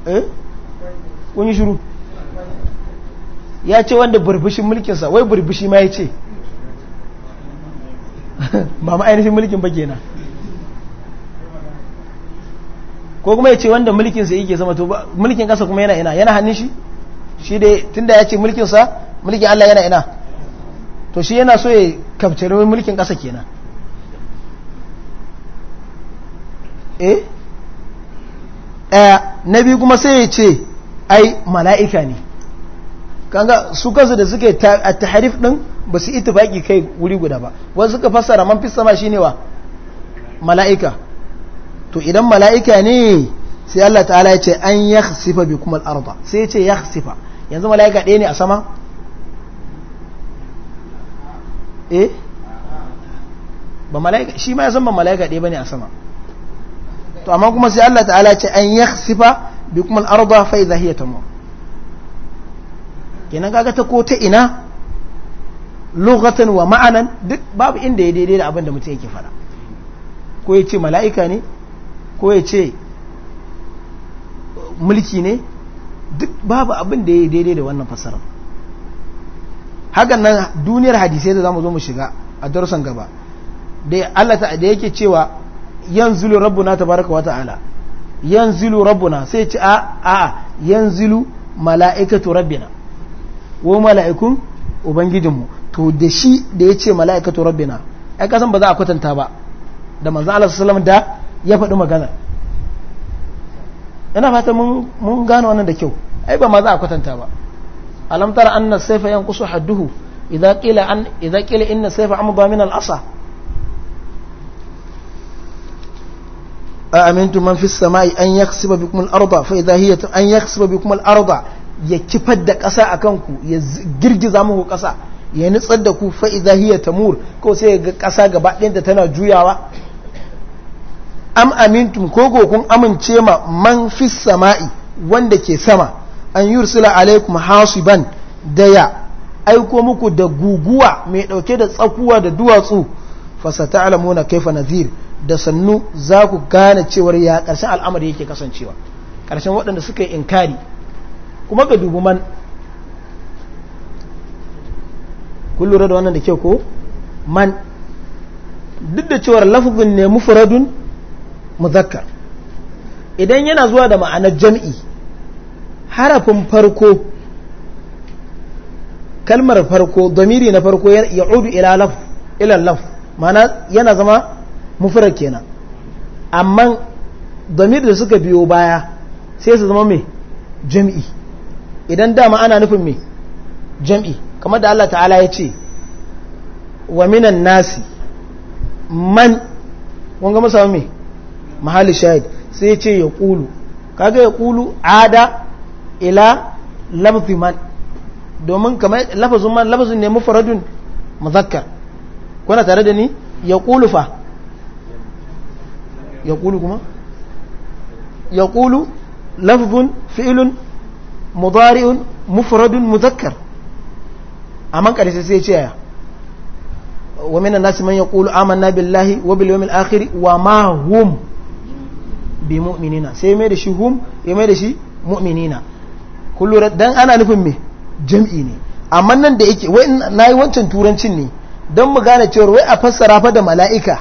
eh? kun yi shuru ya ce wanda burbushin mulkinsa wai burbushi ma ya ce ba ma ainihin mulkin ba kenan ko kuma ya ce wanda mulkin sa yake zama to mulkin kasa kuma yana ina yana hannun shi shi dai tunda ya ce mulkin sa mulkin Allah yana ina to shi yana so ya kafcari mulkin kasa kenan eh eh na biyu kuma sai ya ce ai mala'ika ne kanga su kansu da suke a tahrif din. ba su baki kai wuri guda ba wasu suka fassara man fi sama shine wa mala'ika to idan mala'ika ne sai Allah ta'ala ya ce an yakhsifa bikum al-ardh sai ya ce yakhsifa yanzu mala'ika ɗaya ne a sama eh ba mala'ika shi ma ya san ba mala'ika ɗaya bane a sama to amma kuma sai Allah ta'ala ce an yakhsifa bikum al-ardh fa idha hiya tamur kenan kaga ta ko ta ina lughatan wa ma'anan duk babu inda ya daidai da abin da mutum yake fara ko ya ce mala'ika ne ko ya ce mulki ne duk babu abin da ya daidai da wannan fasarar hakan nan duniyar hadisai da zamu zo mu shiga a darussan gaba da Allah da yake cewa yanzilu rabbuna tabaraka wa ta'ala yanzilu rabbuna sai ce a a yanzilu mala'ikatu rabbina wa mala'ikun ubangijinmu to da shi da ya ce mala'ikatu rabbina ai kasan ba za a kwatanta ba da manzo Allah sallallahu da ya faɗi magana ina fata mun gano gane wannan da kyau ai ba ma za a kwatanta ba alam tara anna sayfa yanqusu hadduhu idza qila an idza qila inna sayfa amda min al-asa أأمنتم من في السماء أن يخسف بكم الأرض فإذا هي ya يخسف بكم ƙasa a kanku ya يجرج زامه ƙasa. ya nutsar da ku fa'iza hiya tamur ko sai ga ƙasa gaba ɗinta tana juyawa am amintum ko kun amince ma man fi sama'i wanda ke sama an yi ursula alaikum hasiban da ya aiko muku da guguwa mai ɗauke da tsakuwa da duwatsu fasata alamuna kaifa nazir da sannu za ku gane cewar ya ƙarshen al'amari yake kasancewa ƙarshen waɗanda suka yi inkari kuma ga dubu man kun lura da wannan da kyau ko man duk da cewar lafazin ne mufradun muzakkar idan yana zuwa da ma'anar jam'i harafin farko kalmar farko domiri na farko ya udu ila laf ila mana yana zama mufrad kenan amma domiri da suka biyo baya sai su zama mai jam'i idan dama ana nufin mai jam'i kamar da Allah ta'ala ya ce wa minan nasi man wanga masa mai mahali shahid sai ce ya kulu kaga ya kulu ada ila lafzi man domin kamar lafazin man lafazin ne mufaradun mazakar kuna tare da ni ya kulu fa ya kulu kuma ya kulu lafzun fi'ilun mudari'un mufradun muzakkar amma ƙarshe sai ce yaya wa minan nasi man yaqulu amanna billahi wa bil yawmil akhir wa ma hum bi mu'minina sai mai da shi hum ya mai da shi mu'minina kullu dan ana nufin me jam'i ne amma nan da yake wai nayi wancan turancin ne dan mu gane cewa wai a fassara fa da mala'ika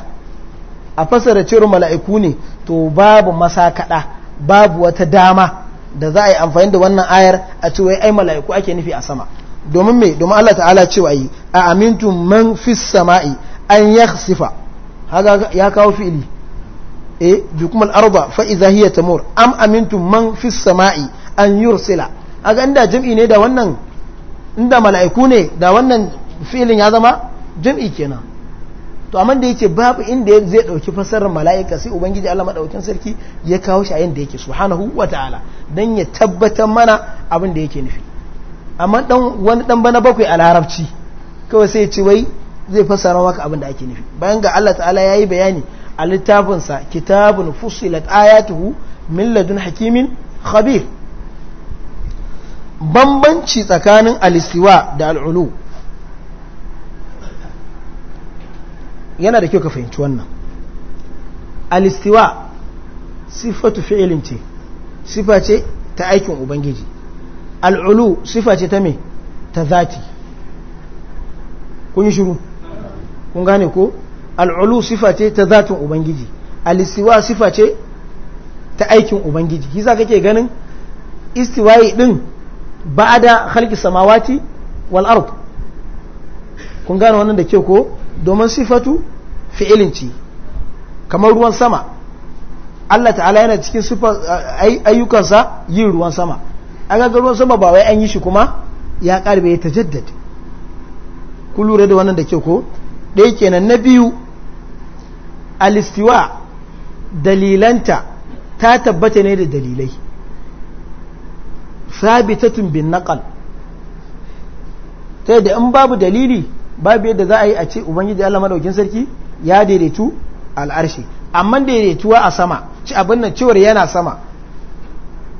a fassara cewa mala'iku ne to babu masakada babu wata dama da za a yi amfani da wannan ayar a ce wai ai mala'iku ake nufi a sama domin me domin Allah ta'ala cewa yi a amintun man fis sama'i an yakhsifa haga ya kawo fi'ili eh jukumar arba arda fa ta hiya am amintun man fis sama'i an a ga inda jam'i ne da wannan inda mala'iku ne da wannan fi'ilin ya zama jam'i kenan to amma da yake babu inda zai dauki fasarar mala'ika sai ubangiji Allah madaukin sarki ya kawo shi a yanda yake subhanahu wataala dan ya tabbatar mana abin da yake nufi amma dan wani dan bana bakwai a larabci kawai sai ce wai zai fassara maka abin da ake nufi bayan ga Allah ta'ala yayi bayani a sa kitabun fusilat ayatuhu min ladun hakimin khabir bambanci tsakanin alistiwa da al'ulu yana da kyau ka fahimci wannan alistiwa sifatu fi'ilin ce sifa ce ta aikin ubangiji al'ulu sifa ce ta me ta zati kun shiru kun gane ko al'ulu sifa ce ta zatin ubangiji alistiwa sifa ce ta aikin ubangiji za ka kake ganin istiwayi din ba da halki samawati wal kun gane wannan da ke ko domin sifatu fi'ilinci kamar ruwan sama Allah ta'ala yana cikin ayyukansa yin ruwan sama aga ga ruwan sama ba wai an yi shi kuma ya karbe ya tajaddad ku lura da wannan da ke ko ɗaya kenan na biyu alistiwa dalilanta ta tabbata ne da dalilai sabitatun bin naqal ta da in babu dalili babu yadda za a yi a ce ubangiji Allah madaukin sarki ya daidaitu al'arshi amma daidaituwa a sama ci abin nan cewar yana sama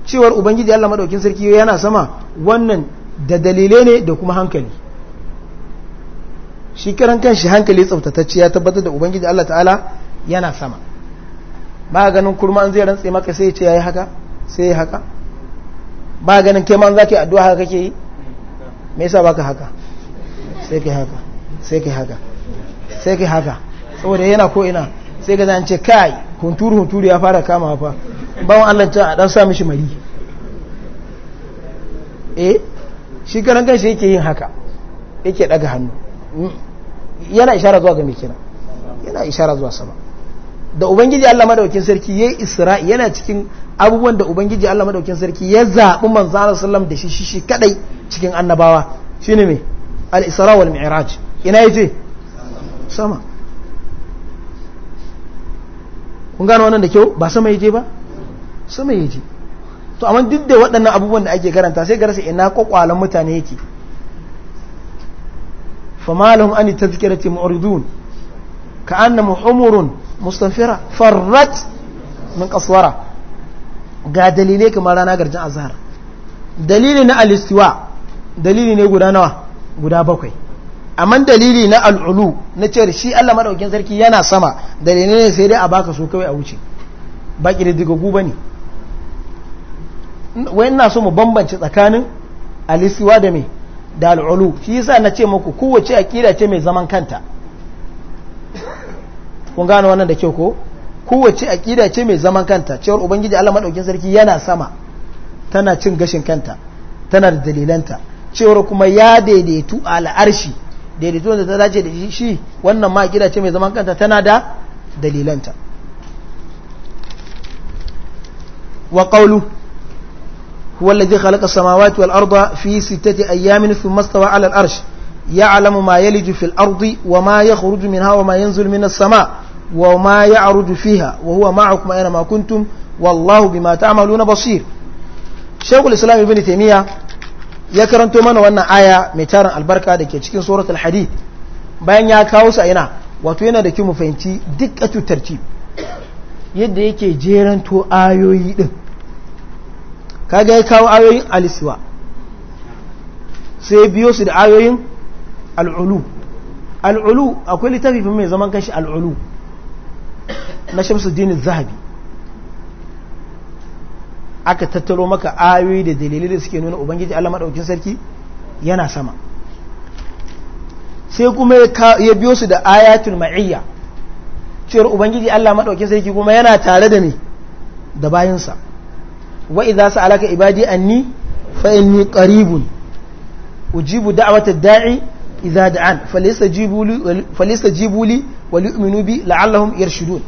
cewar ubangiji Allah madaukin sarki yana sama wannan da dalilai ne da kuma hankali shi kiran kanshi hankali tsaftatacce ya tabbatar da ubangiji Allah ta'ala yana sama ba ganin kurma an zai rantse maka sai ya ce yayi haka sai ya haka ba ganin kai ma zaki addu'a haka kake yi me yasa baka haka sai kai haka sai kai haka sai kai haka saboda yana ko ina sai ga zan ce kai hunturu hunturu ya fara kama fa bawan Allah ta dan sa mishi mari eh shi karan kanshi yake yin haka yake daga hannu mm. yana ishara zuwa ga mai kina yana ishara zuwa sama da ubangiji Allah madaukin sarki yayi isra'i yana cikin abubuwan da ubangiji Allah madaukin sarki ya zabi manzo Allah sallam da shi shi kadai cikin annabawa shine me al-isra wal mi'raj ina yaje sama kun gano wannan da kyau ba sama yaje ba sama ya to amma duk da waɗannan abubuwan da ake karanta sai garasa ina kwakwalan mutane yake famalahum an tazkirati mu'ridun ka na muhammurun mustafira farrat min qaswara ga dalilai kamar rana garjin azhar dalili na alistiwa dalili ne guda nawa guda bakwai amma dalili na al'ulu na cewar shi Allah maɗaukin sarki yana sama dalilai ne sai dai a baka so kawai a wuce baki da diga ba ne wai ina so mu bambance tsakanin alisiwa da me da al'ulu shi yasa na ce muku kowace aqida ce mai zaman kanta kun gane wannan da kyau ko kowace aqida ce mai zaman kanta cewar ubangiji Allah madaukin sarki yana sama tana cin gashin kanta tana da dalilanta cewar kuma ya daidaitu a al'arshi daidaito da ta dace da shi wannan ma aqida ce mai zaman kanta tana da dalilanta wa qawlu هو الذي خلق السماوات والأرض في ستة أيام ثم استوى على الأرش يعلم ما يلج في الأرض وما يخرج منها وما ينزل من السماء وما يعرج فيها وهو معكم أينما كنتم والله بما تعملون بصير شيخ الإسلام ابن تيمية يكرنتو من وانا آية ميتارا البركة دكي تشكين سورة الحديد bayan ya kawo su a ina wato yana da kyau mu fahimci duk tartib yadda yake jeranto ayoyi din kaga ya kawo ayoyin alisuwa sai biyo su da ayoyin al'ulu al'ulu akwai littafi mai zaman kashi al'ulu na dinin zahabi aka tattaro maka ayoyi da dalilai da suke nuna ubangiji Allah maɗaukin sarki yana sama sai kuma ya biyo su da ayatul ma'iyya cewar ubangiji Allah maɗaukin sarki kuma yana tare da ni da bayansa wa idza sa'alaka ibadi anni fa inni qaribun ujibu da'wata da'i idza da'an falyastajibu li falyastajibu li wa yu'minu bi la'allahum yarshudun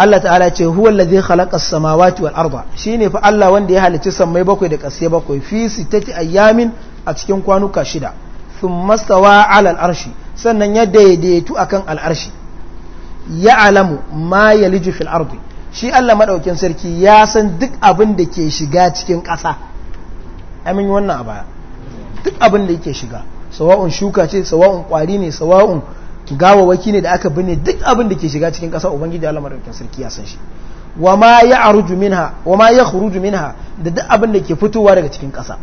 Allah ta'ala ce huwa allazi khalaqa as-samawati wal arda shine fa Allah wanda ya halicci sammai bakwai da ƙasai bakwai fi sittati ayyamin a cikin kwanuka shida thumma stawa 'ala al-arshi sannan ya daidaitu akan al-arshi ya'lamu ma yaliju fil ardi shi Allah maɗaukin sarki ya san duk abin da ke shiga cikin ƙasa amin wannan a baya duk abin da yake shiga sawa'un shuka ce sawa'un ƙwari ne sawa'un gawawaki ne da aka binne duk abin da ke shiga cikin ƙasa ubangiji Allah maɗaukin sarki ya san shi wa ma ya aruju minha wa da duk abin da ke fitowa daga cikin ƙasa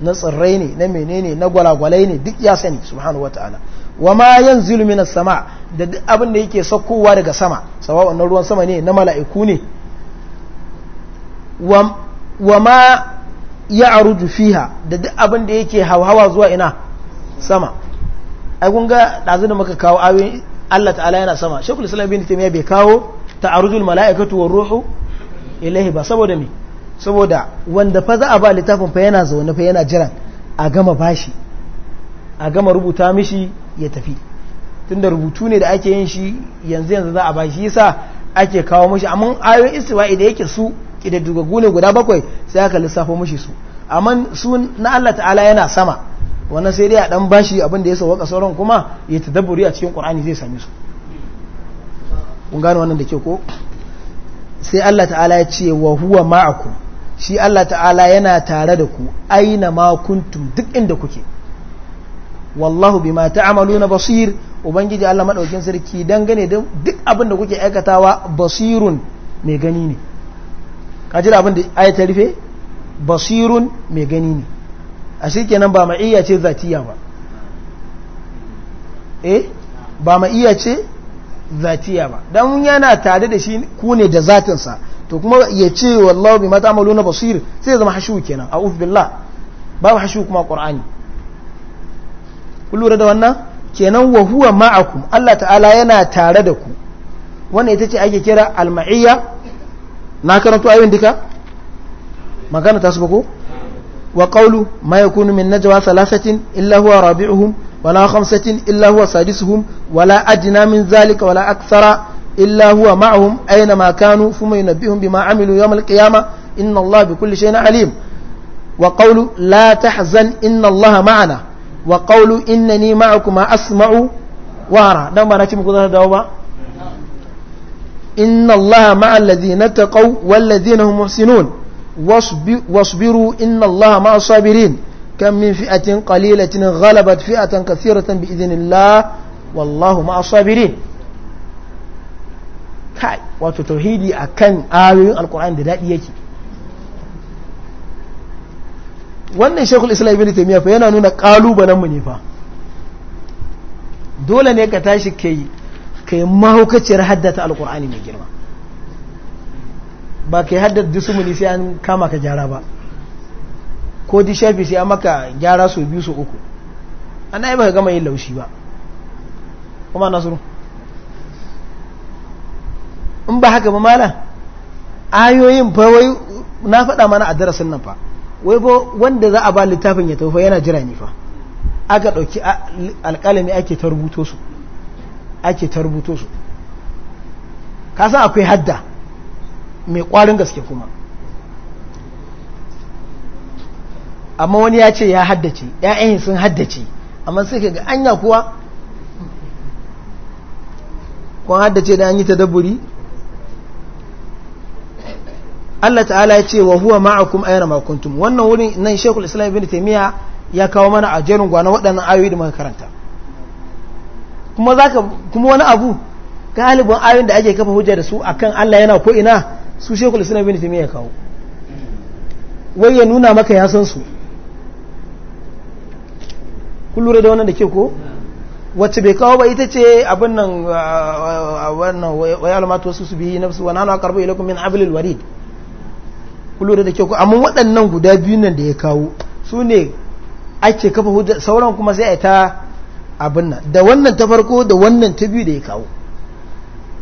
na tsirrai ne na menene na gwalagwalai ne duk ya sani subhanahu wataala wa ma yanzilu minas sama da duk abin da yake saukowa daga sama sawa'un wannan ruwan sama ne na mala'iku ne wa ma ya aruju fiha da duk abin da yake hawa zuwa ina sama ai kun ga da muka kawo ayoyin Allah ta'ala yana sama shekul islam bin taymiya bai kawo ta arujul mala'ikatu war ruhu ilaihi ba saboda me saboda wanda fa za a ba littafin fa yana zaune fa yana jiran a gama bashi a gama rubuta mishi ya tafi tunda rubutu ne da ake yin shi yanzu yanzu za a ba shi yasa ake kawo mashi amma ayoyin istiwa'i da yake su kididdigaggu ne guda bakwai sai aka lissafo mashi su amma su na Allah ta'ala yana sama wannan sai dai a dan bashi abin da ya sauka sauran kuma ya tadabburi a cikin Qur'ani zai same su kun gane wannan da ke ko sai Allah ta'ala ya ce wa huwa ma'akum shi Allah ta'ala yana tare da ku aina ma kuntum duk inda kuke wallahu ma ta'maluna basir ubangiji Allah madaukin sarki dangane da duk abin da kuke aikatawa basirun mai gani ne ka jira abin da ayat ta rufe basirun mai gani ne a kenan ba ma'iyya ce zatiya ba eh ba ma'iyya ce zatiya ba dan yana tare da shi ku ne da zatinsa to kuma ya ce wallahu ma ta'maluna basir sai zama hashu kenan a'udhu billah babu hashu kuma qur'ani kun lura da wannan kenan wa huwa ma'akum Allah ta'ala yana tare da ku wannan ita ce ake kira alma'iyya na karanto ayoyin duka magana ta su ko wa qawlu ma yakunu min najwa thalathatin illa huwa rabi'uhum wala khamsatin illa huwa sadisuhum wala adna min zalika wala aksara illa huwa ma'ahum aina ma kanu thumma yunabbihum bima amilu yawm al-qiyamah inna Allah bi kulli shay'in alim wa qawlu la tahzan inna Allah ma'ana wa ni innani kuma asma'u wara dan ba na ci muku za ta dawo ba inna allaha ma'al ladina taqaw wal ladina hum muhsinun wasbiru inna allaha ma'as sabirin kan min fi'atin qalilatin ghalabat fi'atan kathiratan bi idhnillah wallahu ma'as sabirin kai wato tauhidi akan ayoyin alqur'ani da daɗi yake wannan shekul islam ibn taimiyya fa yana nuna kalubalen mu ne fa dole ne ka tashi kai kai mahaukaciyar haddata alkur'ani mai girma ba kai haddata disumuni sai an kama ka gyara ba ko di shafi sai an maka gyara su biyu su uku an yi baka gama yin laushi ba kuma nasiru in ba haka ba mala ayoyin fa wai na faɗa mana a darasin nan fa wai ko wanda za a ba littafin ya taufa yana jira ne fa aka ɗauki alƙalami ake ta rubuto su ake ta rubuto su kasan akwai hadda mai ƙwarin gaske kuma amma wani ya ce ya haddace ‘ya'yan sun haddace amma sai ka ga anya kuwa kun haddace da an yi ta daburi Allah ta'ala ya ce wa huwa ma'akum ayyana ma kuntum wannan wurin nan Sheikhul Islam Ibn Taymiyyah ya kawo mana a jerin gwana waɗannan ayoyi da muka karanta kuma zaka kuma wani abu galibin ayoyin da ake kafa hujja da su akan Allah yana ko ina su Sheikhul Islam Ibn Taymiyyah ya kawo wai ya nuna maka ya san su kun lura da wannan da ke ko wacce bai kawo ba ita ce abin nan wannan wayalmatu mata wasu su biyi nafsu wa nanu aqrabu ilakum min ablil warid kullum da kyau amma waɗannan guda biyu nan da ya kawo su ne ake kafa hujja sauran kuma sai a ta abin nan da wannan ta farko da wannan ta biyu da ya kawo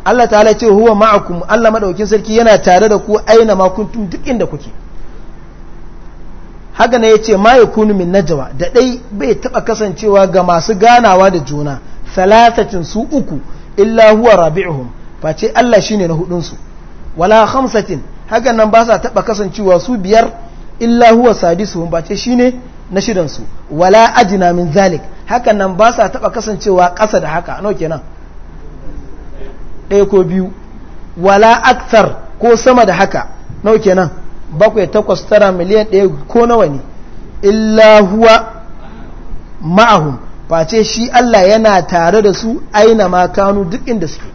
Allah ta'ala ce huwa ma'akum Allah madaukin sarki yana tare da ku aina ma kuntum duk inda kuke haka ne yace ma yakunu min najwa da dai bai taba kasancewa ga masu ganawa da juna thalathatin su uku illa huwa rabi'uhum face Allah shine na hudun su wala khamsatin hakan nan ba sa taɓa kasancewa su biyar illa huwa ba ce shine na shidansu wala ajina min zalik hakan nan ba sa taɓa kasancewa ƙasa da haka anoke nan. ko biyu wala aktar ko sama da haka nauke nan bakwai takwas tara miliyan ɗaya ko nawa ne illa huwa ma'ahum face shi Allah yana tare da su aina ma kanu duk inda suke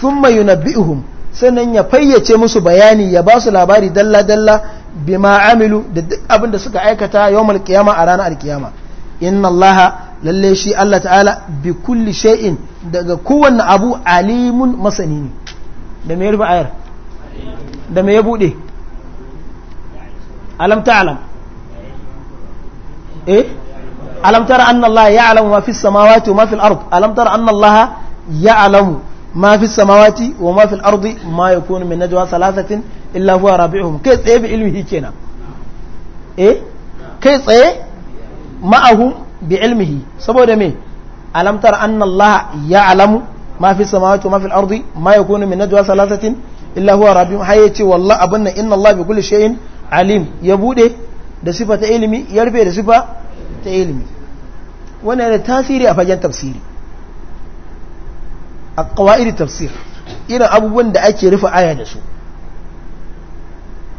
sun mai yunabi'uhum sannan ya fayyace musu bayani ya ba su labari dalla dalla bi ma'amilu da duk abin da suka aikata yau qiyama a ranar alkiyama inna allaha lalle shi Allah ta'ala bi kulli shay'in daga kowanne abu alimun masani ne da me rufe ayar da me ya buɗe? alam ta'lam eh alam tara anna allaha ya'lamu ma fi samawati wa ma fil ard alam tara anna allaha alamu ما في السماوات وما في الأرض ما يكون من نجوى ثلاثة إلا هو رابعهم كيف إيه بعلمه كنا إيه كيف إيه معهم بعلمه سبو دمي ألم تر أن الله يعلم ما في السماوات وما في الأرض ما يكون من نجوى ثلاثة إلا هو رابعهم حياتي والله أبن إن الله بكل شيء عليم يبوده da sifa ta ilimi ya rufe da sifa ta ilimi wannan da tasiri a fagen tafsiri a ƙawa'ir tafsir irin abubuwan da ake rufe aya da su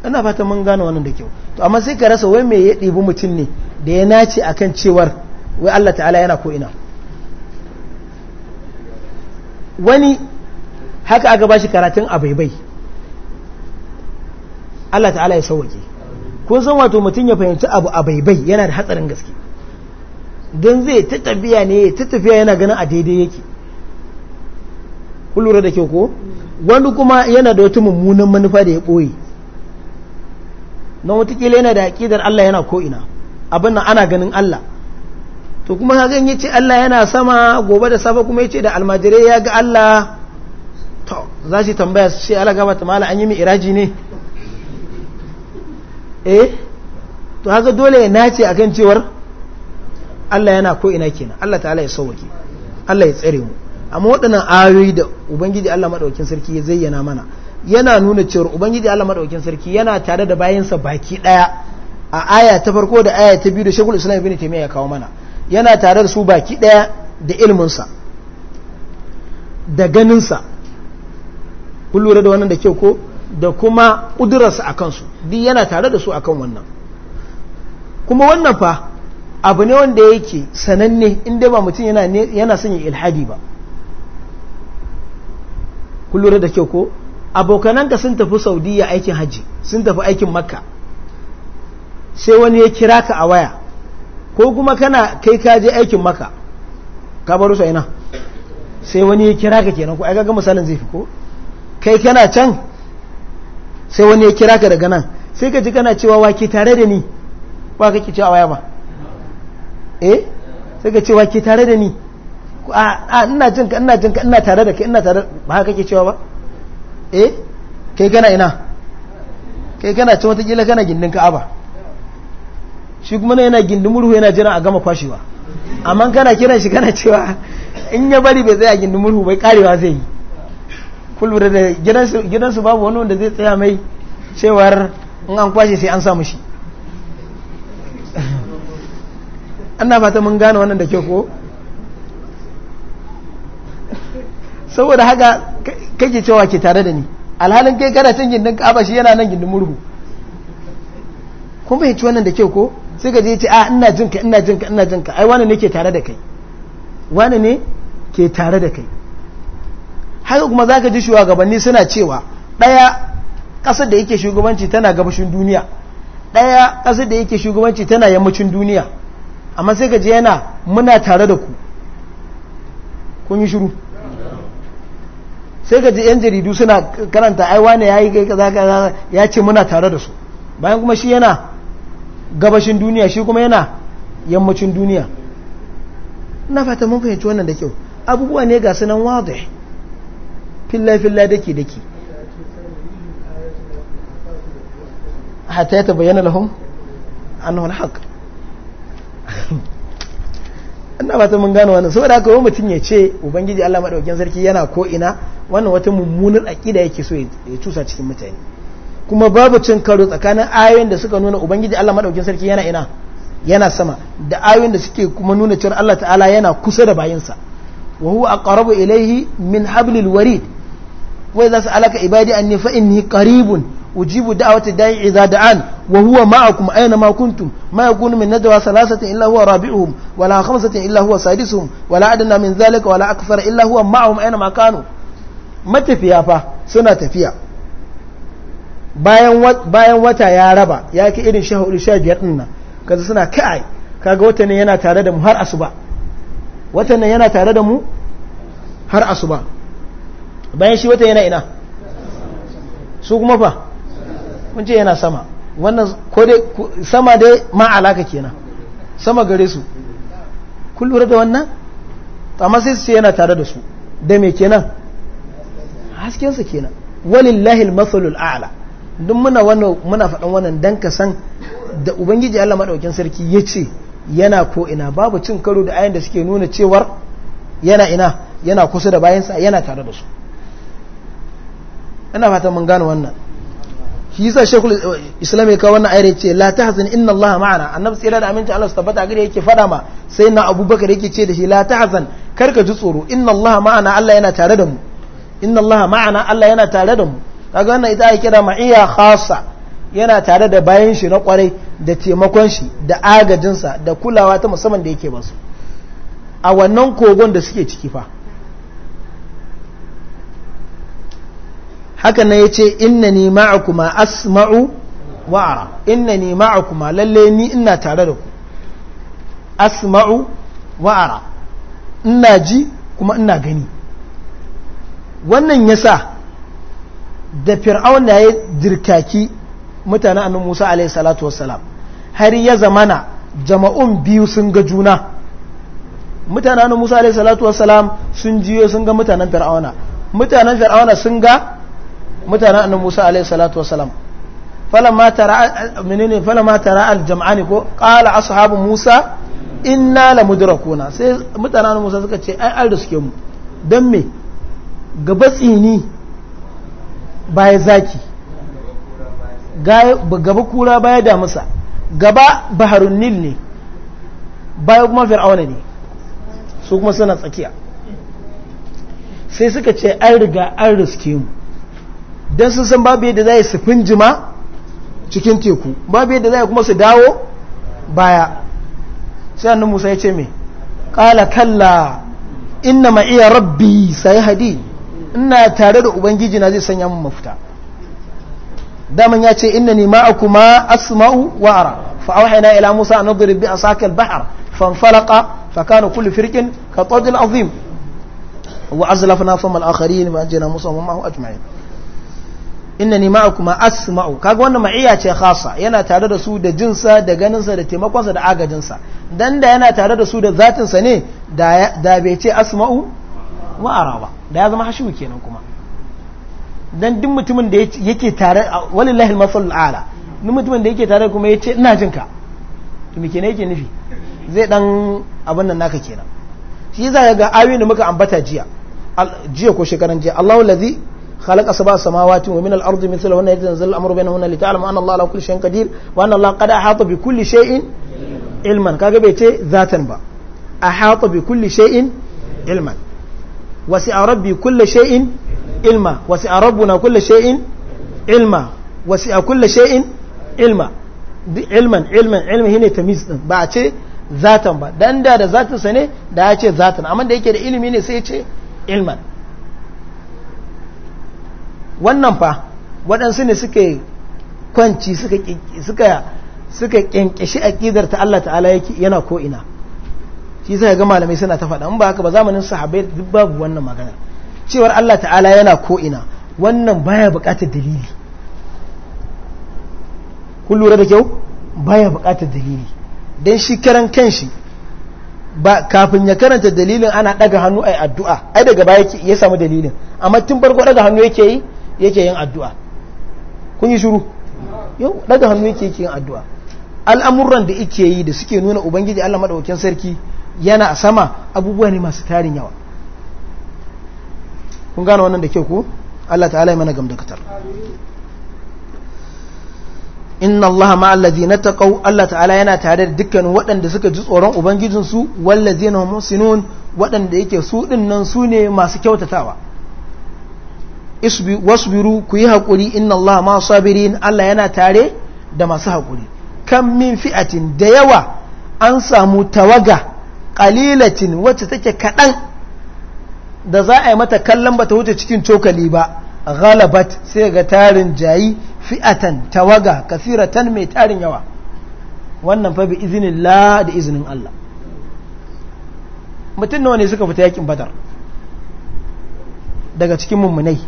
ina fata mun gano wannan da kyau to amma sai ka rasa wai me ya ɗibi mutum ne da ya nace akan cewar wai Allah ta'ala yana ko ina wani haka aka bashi karatun abaibai Allah ta'ala ya sauwake kun san wato mutum ya fahimci abu a bai yana da hatsarin gaske don zai ta tafiya ne ta tafiya yana ganin a daidai yake kun da kyau ko wani kuma yana da wata mummunan manufa da ya ɓoye na watakila yana da aƙidar Allah yana ko'ina abin nan ana ganin Allah to kuma hagan ya ce Allah yana sama gobe da safe kuma ya ce da almajirai ya ga Allah to za shi tambaya su ce ala gaba tamala an yi mai iraji ne eh to haka dole ya nace akan cewar Allah yana ko'ina kenan Allah ta Allah ya sauwake Allah ya tsare mu amma waɗannan ayoyi da ubangiji Allah maɗaukin sarki ya zayyana mana yana nuna cewa ubangiji Allah maɗaukin sarki yana tare da bayansa baki ɗaya a aya ta farko da aya ta biyu da shagul islam ibn taimiyya ya kawo mana yana tare da su baki ɗaya da ilminsa da ganinsa, kun da wannan da kyau ko da kuma ƙudurarsa a kansu duk yana tare da su akan wannan kuma wannan fa abu ne wanda yake sananne inda ba mutum yana son ya ilhadi ba kun lura da kyau ko abokananka sun tafi saudiya aikin hajji sun tafi aikin makka sai wani ya kira ka a waya ko kuma kana kai ka je aikin makka ka baro su ina sai wani ya kira ka kenan ko ai ga misalin zai fi ko kai kana can sai wani ya kira ka daga nan sai ka ji kana cewa wake tare da ni ba kake cewa waya ba eh sai ka ce ke tare da ni a ina jin ka ina jin ka ina tare da ke ina tare ba haka kake cewa ba eh ke gana ina ke gana ce wata kila gindin ka'aba shi kuma na yana gindin murhu yana jiran a gama kwashewa amma kana kiran shi kana cewa in ya bari bai tsaya gindin murhu bai karewa zai yi kullu da gidansu babu wani wanda zai tsaya mai cewar in an kwashe sai an samu shi ana fata mun gane wannan da ke ko saboda haka kake cewa ke tare da ni alhalin kai kana can gindin kaba shi yana nan gindin murhu kuma fahimci wannan da kyau ko sai ka je ce a ah, ina jin ka ina jin ka ina jin ka ai wani ne ke tare da kai wani ne ke tare da kai haka kuma za ka ji shugabanni suna cewa ɗaya ƙasar da yake shugabanci tana gabashin duniya ɗaya ƙasar da yake shugabanci tana yammacin duniya amma sai ka je yana muna tare da ku kun yi shiru sai ka yan jaridu suna karanta ai wane yayi kai kaza kaza ya ce muna tare da su bayan kuma shi yana gabashin duniya shi kuma yana yammacin duniya na fata mun fahimci wannan da kyau abubuwa ne ga sunan wadih filla filla dake dake hatta ya tabayyana lahum annahu alhaq ina ba ta mun gano wannan saboda haka wani mutum ya ce ubangiji Allah madaukakin sarki yana ko ina wannan wata mummunar akida yake so ya cusa cikin mutane kuma babu cin karo tsakanin ayoyin da suka nuna ubangiji Allah madaukakin sarki yana ina yana sama da ayoyin da suke kuma nuna cewa Allah ta'ala yana kusa da bayinsa wa huwa aqrabu ilayhi min hablil warid wai zasu alaka ibadi anni fa inni qaribun ujibu da'awati da'i idza da'an wa huwa ma'akum aina ma kuntum ma yakunu min najwa thalathatin illa huwa rabi'uhum wala khamsatin illa huwa sadisuhum wala adna min zalika wala akthara illa huwa ma'ahum aina ma kanu matafiya fa suna tafiya bayan bayan wata ya raba ya ki irin 14 15 din nan kaza suna kai kaga wata ne yana tare da mu har asuba wata ne yana tare da mu har asuba bayan shi wata yana ina su kuma fa kun ce yana sama wannan ko dai sama dai ma alaka kenan sama gare su kun da wannan amma sai su yana tare da su da me kenan hasken sa kenan walillahi al a'la duk muna wannan muna faɗan wannan dan ka san da ubangiji Allah madaukin sarki yace yana ko ina babu cin karo da ayan da suke nuna cewar yana ina yana kusa da bayansa yana tare da su ina fatan mun gane wannan shi yasa shekul islam ya kawo wannan ayar ce la tahzan inna allaha ma'ana annabi sai da aminta Allah tabbata gare yake fada ma sai na abubakar yake ce da shi la tahzan kar ka ji tsoro inna allaha ma'ana Allah yana tare da mu inna allaha ma'ana Allah yana tare da mu kaga wannan ita ake kira ma'iya khassa yana tare da bayan shi na kwarai da taimakon shi da agajinsa da kulawa ta musamman da yake su a wannan kogon da suke ciki fa haka nan yace innani ma'akuma asma'u wa ara innani ma'akuma lalle ni ina tare da ku asma'u wa'ara ina ji kuma ina gani wannan ya sa. da fir'aun da ya dirkaki mutanen annabi Musa alaihi salatu wassalam har ya zamana jama'un biyu sun ga juna mutanen annabi Musa alaihi salatu wassalam sun jiyo sun ga mutanen fir'auna mutanen fir'auna sun ga mutanen annabi Musa alayhi salatu wasalam falamma tara menene falamma tara al-jam'ani ko qala ashabu Musa inna la mudrakuna sai mutanen Musa suka ce ai an riske mu dan me gaba tsini baya zaki gaba kura baya damusa gaba baharun nil ne baya kuma fir'auna ne su kuma suna tsakiya sai suka ce an riga an riske mu don sun san babu yadda za su finjima cikin teku babu yadda za a kuma su dawo baya sai annan musa ya ce mai ƙala kalla inna ma iya rabbi sai hadi ina tare da ubangiji na zai sanya mun mafita daman ya ce inna ni kuma asma'u wa'ara fa'awhaina ila musa an nadrib bi asaka al-bahr فانفلق فكان كل فرق كالطود العظيم وأزلفنا ثم الآخرين وأنجينا موسى ومعه أجمعين innani ma'akum asma'u kaga wannan ma'iya ce khassa yana tare da su da jinsa da ganinsa da taimakonsa da agajinsa dan da yana tare da su da zatinsa ne da bai ce asma'u wa araba da ya zama hashu kenan kuma dan duk mutumin da yake tare walillahi al-masal ala duk mutumin da yake tare kuma yace ina jin ka to me kenan yake nufi zai dan abin nan naka kenan shi zaka ga ayoyin da muka ambata jiya jiya ko shekaran jiya Allahu ladhi خلق سبع سماوات ومن الارض مثلهن يتنزل الامر بينهن لتعلم ان الله على كل شيء قدير وان الله قد احاط بكل شيء علما كاجا بيتي ذاتا با احاط بكل شيء علما وسع ربي كل شيء علما وسع ربنا كل شيء علما وسع كل شيء علما علما علما علما هنا تميز ba ذاتا با دان دا dan سنه دا zatin sa ne da ya ce zatan amma yake da ilimi ne sai ya ilman wannan fa waɗansu ne suka kwanci suka ƙyanƙyashi a aƙidar ta Allah ta'ala yana ko ina shi sai ga malamai suna ta faɗa in ba haka ba zamanin haɓe duk babu wannan magana cewar Allah ta'ala yana koina ina wannan baya buƙatar dalili kun lura da kyau baya buƙatar dalili dan shi karan kanshi ba kafin ya karanta dalilin ana ɗaga hannu yi addu'a ai daga baya ya samu dalilin amma tun farko ɗaga hannu yake yi yake yin addu'a kun yi shuru yau daga hannu yake yake yin addu'a al'amuran da ike yi da suke nuna ubangiji Allah madaukakin sarki yana sama abubuwa ne masu tarin yawa kun gane wannan da kyau ku Allah ta'ala ya mana gamdakatar inna Allah ma ta taqaw Allah ta'ala yana tare da dukkan waɗanda suka ji tsoron ubangijinsu wallazina hum musinun waɗanda yake su ɗinnan su ne masu kyautatawa wasbiru ku yi haƙuri inna Allah ma sabirin Allah yana tare da masu haƙuri kan min fi'atin da yawa an samu tawaga ƙalilatin wacce take kaɗan da za a yi mata kallon ba ta wuce cikin cokali ba galabat sai ga tarin jayi fi'atan tawaga kasiratan mai tarin yawa wannan fa bi izinin la da izinin Allah mutum nawa ne suka fita yakin badar daga cikin mummunai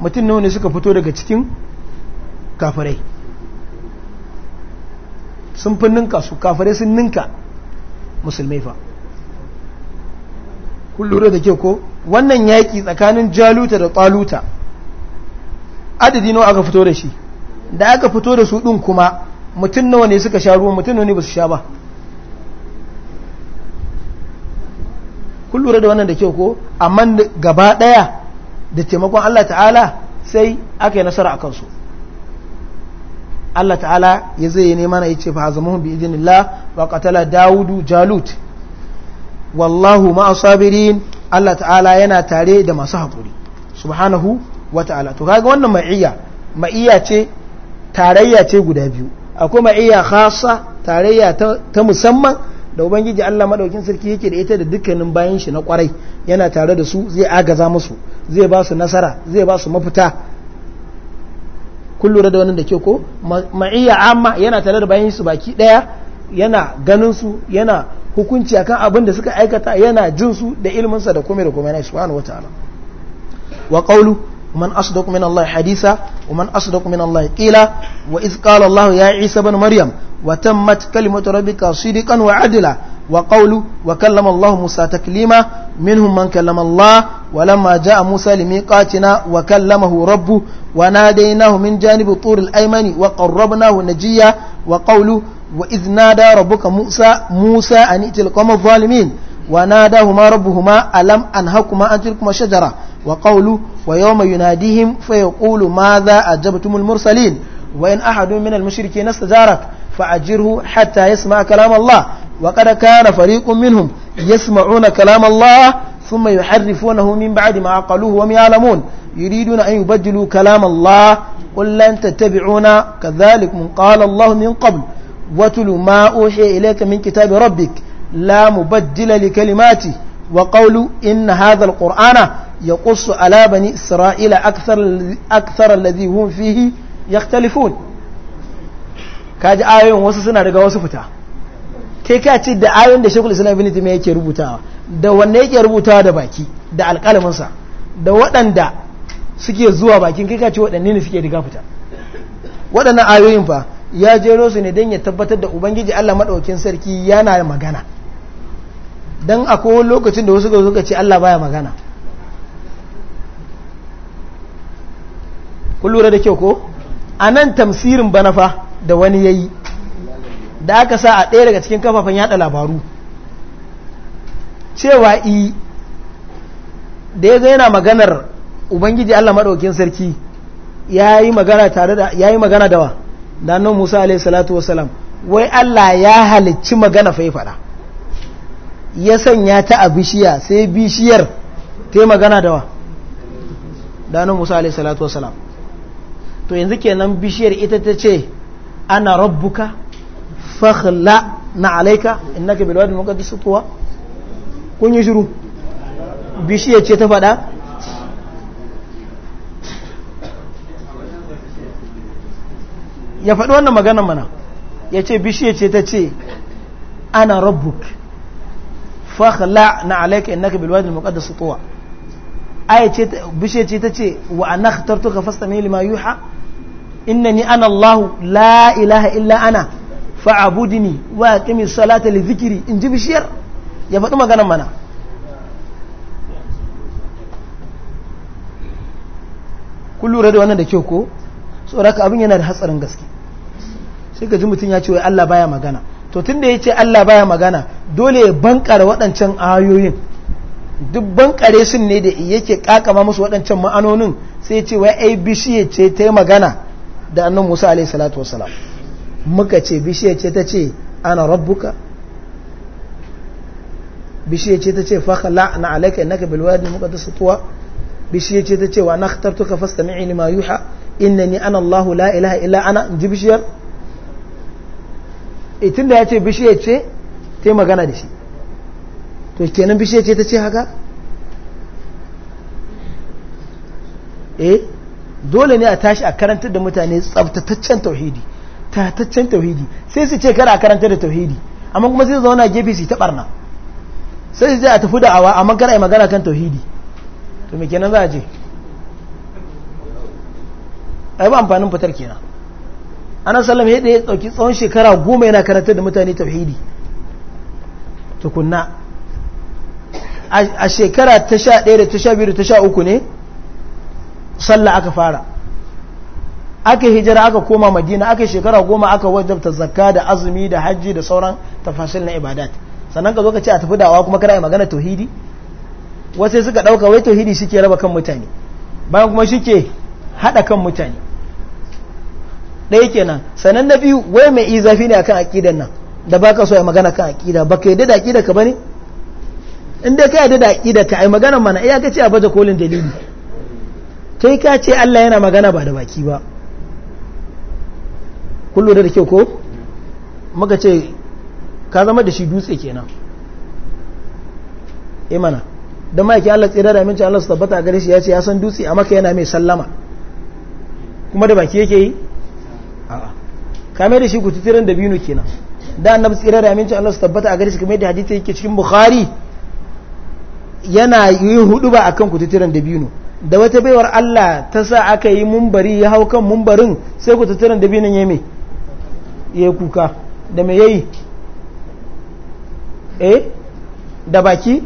mutum nawa ne suka fito daga cikin kafirai sun fi ninka su kafirai sun ninka musulmai fa kun da ke ko wannan yaƙi tsakanin jaluta da ƙaluta adadi nawa aka fito da shi da aka fito da su ɗin kuma mutum nawa ne suka sha ruwa mutum nawa ne ba su sha ba kun da wannan da ke ko amma gaba ɗaya da taimakon Allah ta'ala sai aka yi nasara a kansu Allah ta'ala ya zai yi nema na ya ce fahazamuhun bi idinillah ba katala dawudu jalut wallahu ma'a sabirin Allah ta'ala yana tare da masu haƙuri subhanahu wa ta'ala to kaga wannan ma'iyya ma'iyya ce tarayya ce guda biyu akwai ma'iyya khasa tarayya ta musamman da ubangiji Allah madaukin sarki yake da ita da dukkanin bayan shi na kwarai yana tare da su zai agaza musu zai ba su nasara zai ba su mafita kun da wannan da ke ko ma'iyya amma yana tare da bayan su baki daya yana ganin su yana hukunci akan abin da suka aikata yana jin su da ilmin sa da kuma da kuma na subhanahu wataala wa qawlu man asdaq min Allah hadisa wa man asdaq min Allah qila wa iz qala Allah ya Isa ibn Maryam وتمت كلمة ربك صدقا وعدلا وقول وكلم الله موسى تكليما منهم من كلم الله ولما جاء موسى لميقاتنا وكلمه ربه وناديناه من جانب طور الأيمن وقربناه نجيا وقول وإذ نادى ربك موسى موسى أن ائت القوم الظالمين وناداهما ربهما ألم أنهكما أن تلكما شجرة وقول ويوم يناديهم فيقول ماذا أجبتم المرسلين وإن أحد من المشركين استجارك فأجره حتى يسمع كلام الله وقد كان فريق منهم يسمعون كلام الله ثم يحرفونه من بعد ما عقلوه وهم يعلمون يريدون أن يبدلوا كلام الله قل لن تتبعونا كذلك من قال الله من قبل وتلوا ما أوحي إليك من كتاب ربك لا مبدل لكلماته وقولوا إن هذا القرآن يقص على بني إسرائيل أكثر, أكثر الذي هم فيه يختلفون Kaji ayoyin wasu suna daga wasu fita kai ka ce da ayoyin da shekul islam ibn taymiya yake rubutawa da wanne yake rubutawa da baki da sa da waɗanda suke zuwa bakin kai ka ce waɗanne ne suke riga fita waɗannan ayoyin fa ya jero su ne don ya tabbatar da ubangiji Allah madaukin sarki yana magana don akwai lokacin da wasu ga suka ce Allah baya magana kun da kyau ko anan tamsirin banafa da wani ya yi da aka sa a ɗaya daga cikin kafafen yada labaru cewa i da ya yana maganar ubangiji allah maɗaukin sarki ya yi magana da wa da musa alaihi wasalam wai allah ya halicci magana fai ya sanya ta a bishiya sai bishiyar ta yi magana wa da annan musa alaihi wasalam to yanzu kenan bishiyar ita ta ce ana rabbuka fakhla na alaika innaka bil wadi muqaddas tuwa kun yi shiru bishiya ce ta faɗa ya faɗi wannan magana mana ya ce ce ta ce ana rabbuk fakhla na alaika innaka bil wadi tuwa aya ce bishiya ce ta ce wa anakhtartuka fastami lima yuha إنني أنا الله la ilaha illa ana فعبدني wa الصلاة لذكري li جب in ji bishiyar ya faɗi كل mana وانا lura da wannan da kyau ko abin da hatsarin gaske sai ka ji mutum ya ce wai Allah baya magana to tun da ya ce Allah baya magana dole ya bankare waɗancan ayoyin duk bankare sun ne da yake kakama musu waɗancan ma'anonin sai ya ce wai ai ya ce ta magana da annan musa alaihi salatu wasalam muka ce bishiyar ce ta ce ana rabbuka bishiyar ce ta ce faka la'ana alaika innaka bil wadi muka ta satuwa bishiyar ce ta ce wa fasta fastami'i lima yuha ni ana allahu la ilaha illa ana in ji bishiyar itin e, da ya ce bishiyar ce ta magana da shi to kenan bishiyar ce ta ce haka eh dole ne a tashi a karantar da mutane tsaftataccen tauhidi tataccen tauhidi sai su ce kara a karantar da tauhidi amma kuma sai su zauna gefe su ta barna sai su je a tafi da awa amma kada a yi magana kan tauhidi to me kenan za a je a yi ba amfanin fitar kenan ana sallam ya ɗaya ɗauki tsawon shekara goma yana karantar da mutane tauhidi tukunna a shekara ta sha ɗaya da ta sha biyu da ta sha uku ne sallah aka fara aka hijira aka koma madina aka shekara goma aka wajabta zakka da azumi da hajji da sauran tafasil na ibadat sannan ka zo ka ce a tafi dawa kuma kana yi magana tauhidi wasu suka ɗauka wai tauhidi shi ke raba kan mutane bayan kuma shi ke kan mutane ɗaya kenan sannan na biyu wai mai yi zafi ne akan aƙidan nan da ba ka so ya magana kan aƙida ba ka yi da aƙida ka ba ne in dai ka yi da aƙida ka ai magana mana iya ka ce a baje kolin dalili kai ka ce Allah yana magana ba da baki ba kullu da kyau ko muka ce ka zama da shi dutse kenan imana eh don ma'aikin Allah tsira da aminci Allah su tabbata a gare shi ya ce ya san dutse a maka yana mai sallama kuma da baki yake yi kamar da shi ku tutirin da binu kenan da annabi tsira da aminci Allah su tabbata a gare shi kamar da hadisi yake cikin bukhari yana yi hudu ba akan ku tutiran da binu da wata baiwar Allah ta sa aka yi mumbari ya hau kan mumbarin sai ku tattaran da binin ya mai ya yi kuka da me yayi eh da baki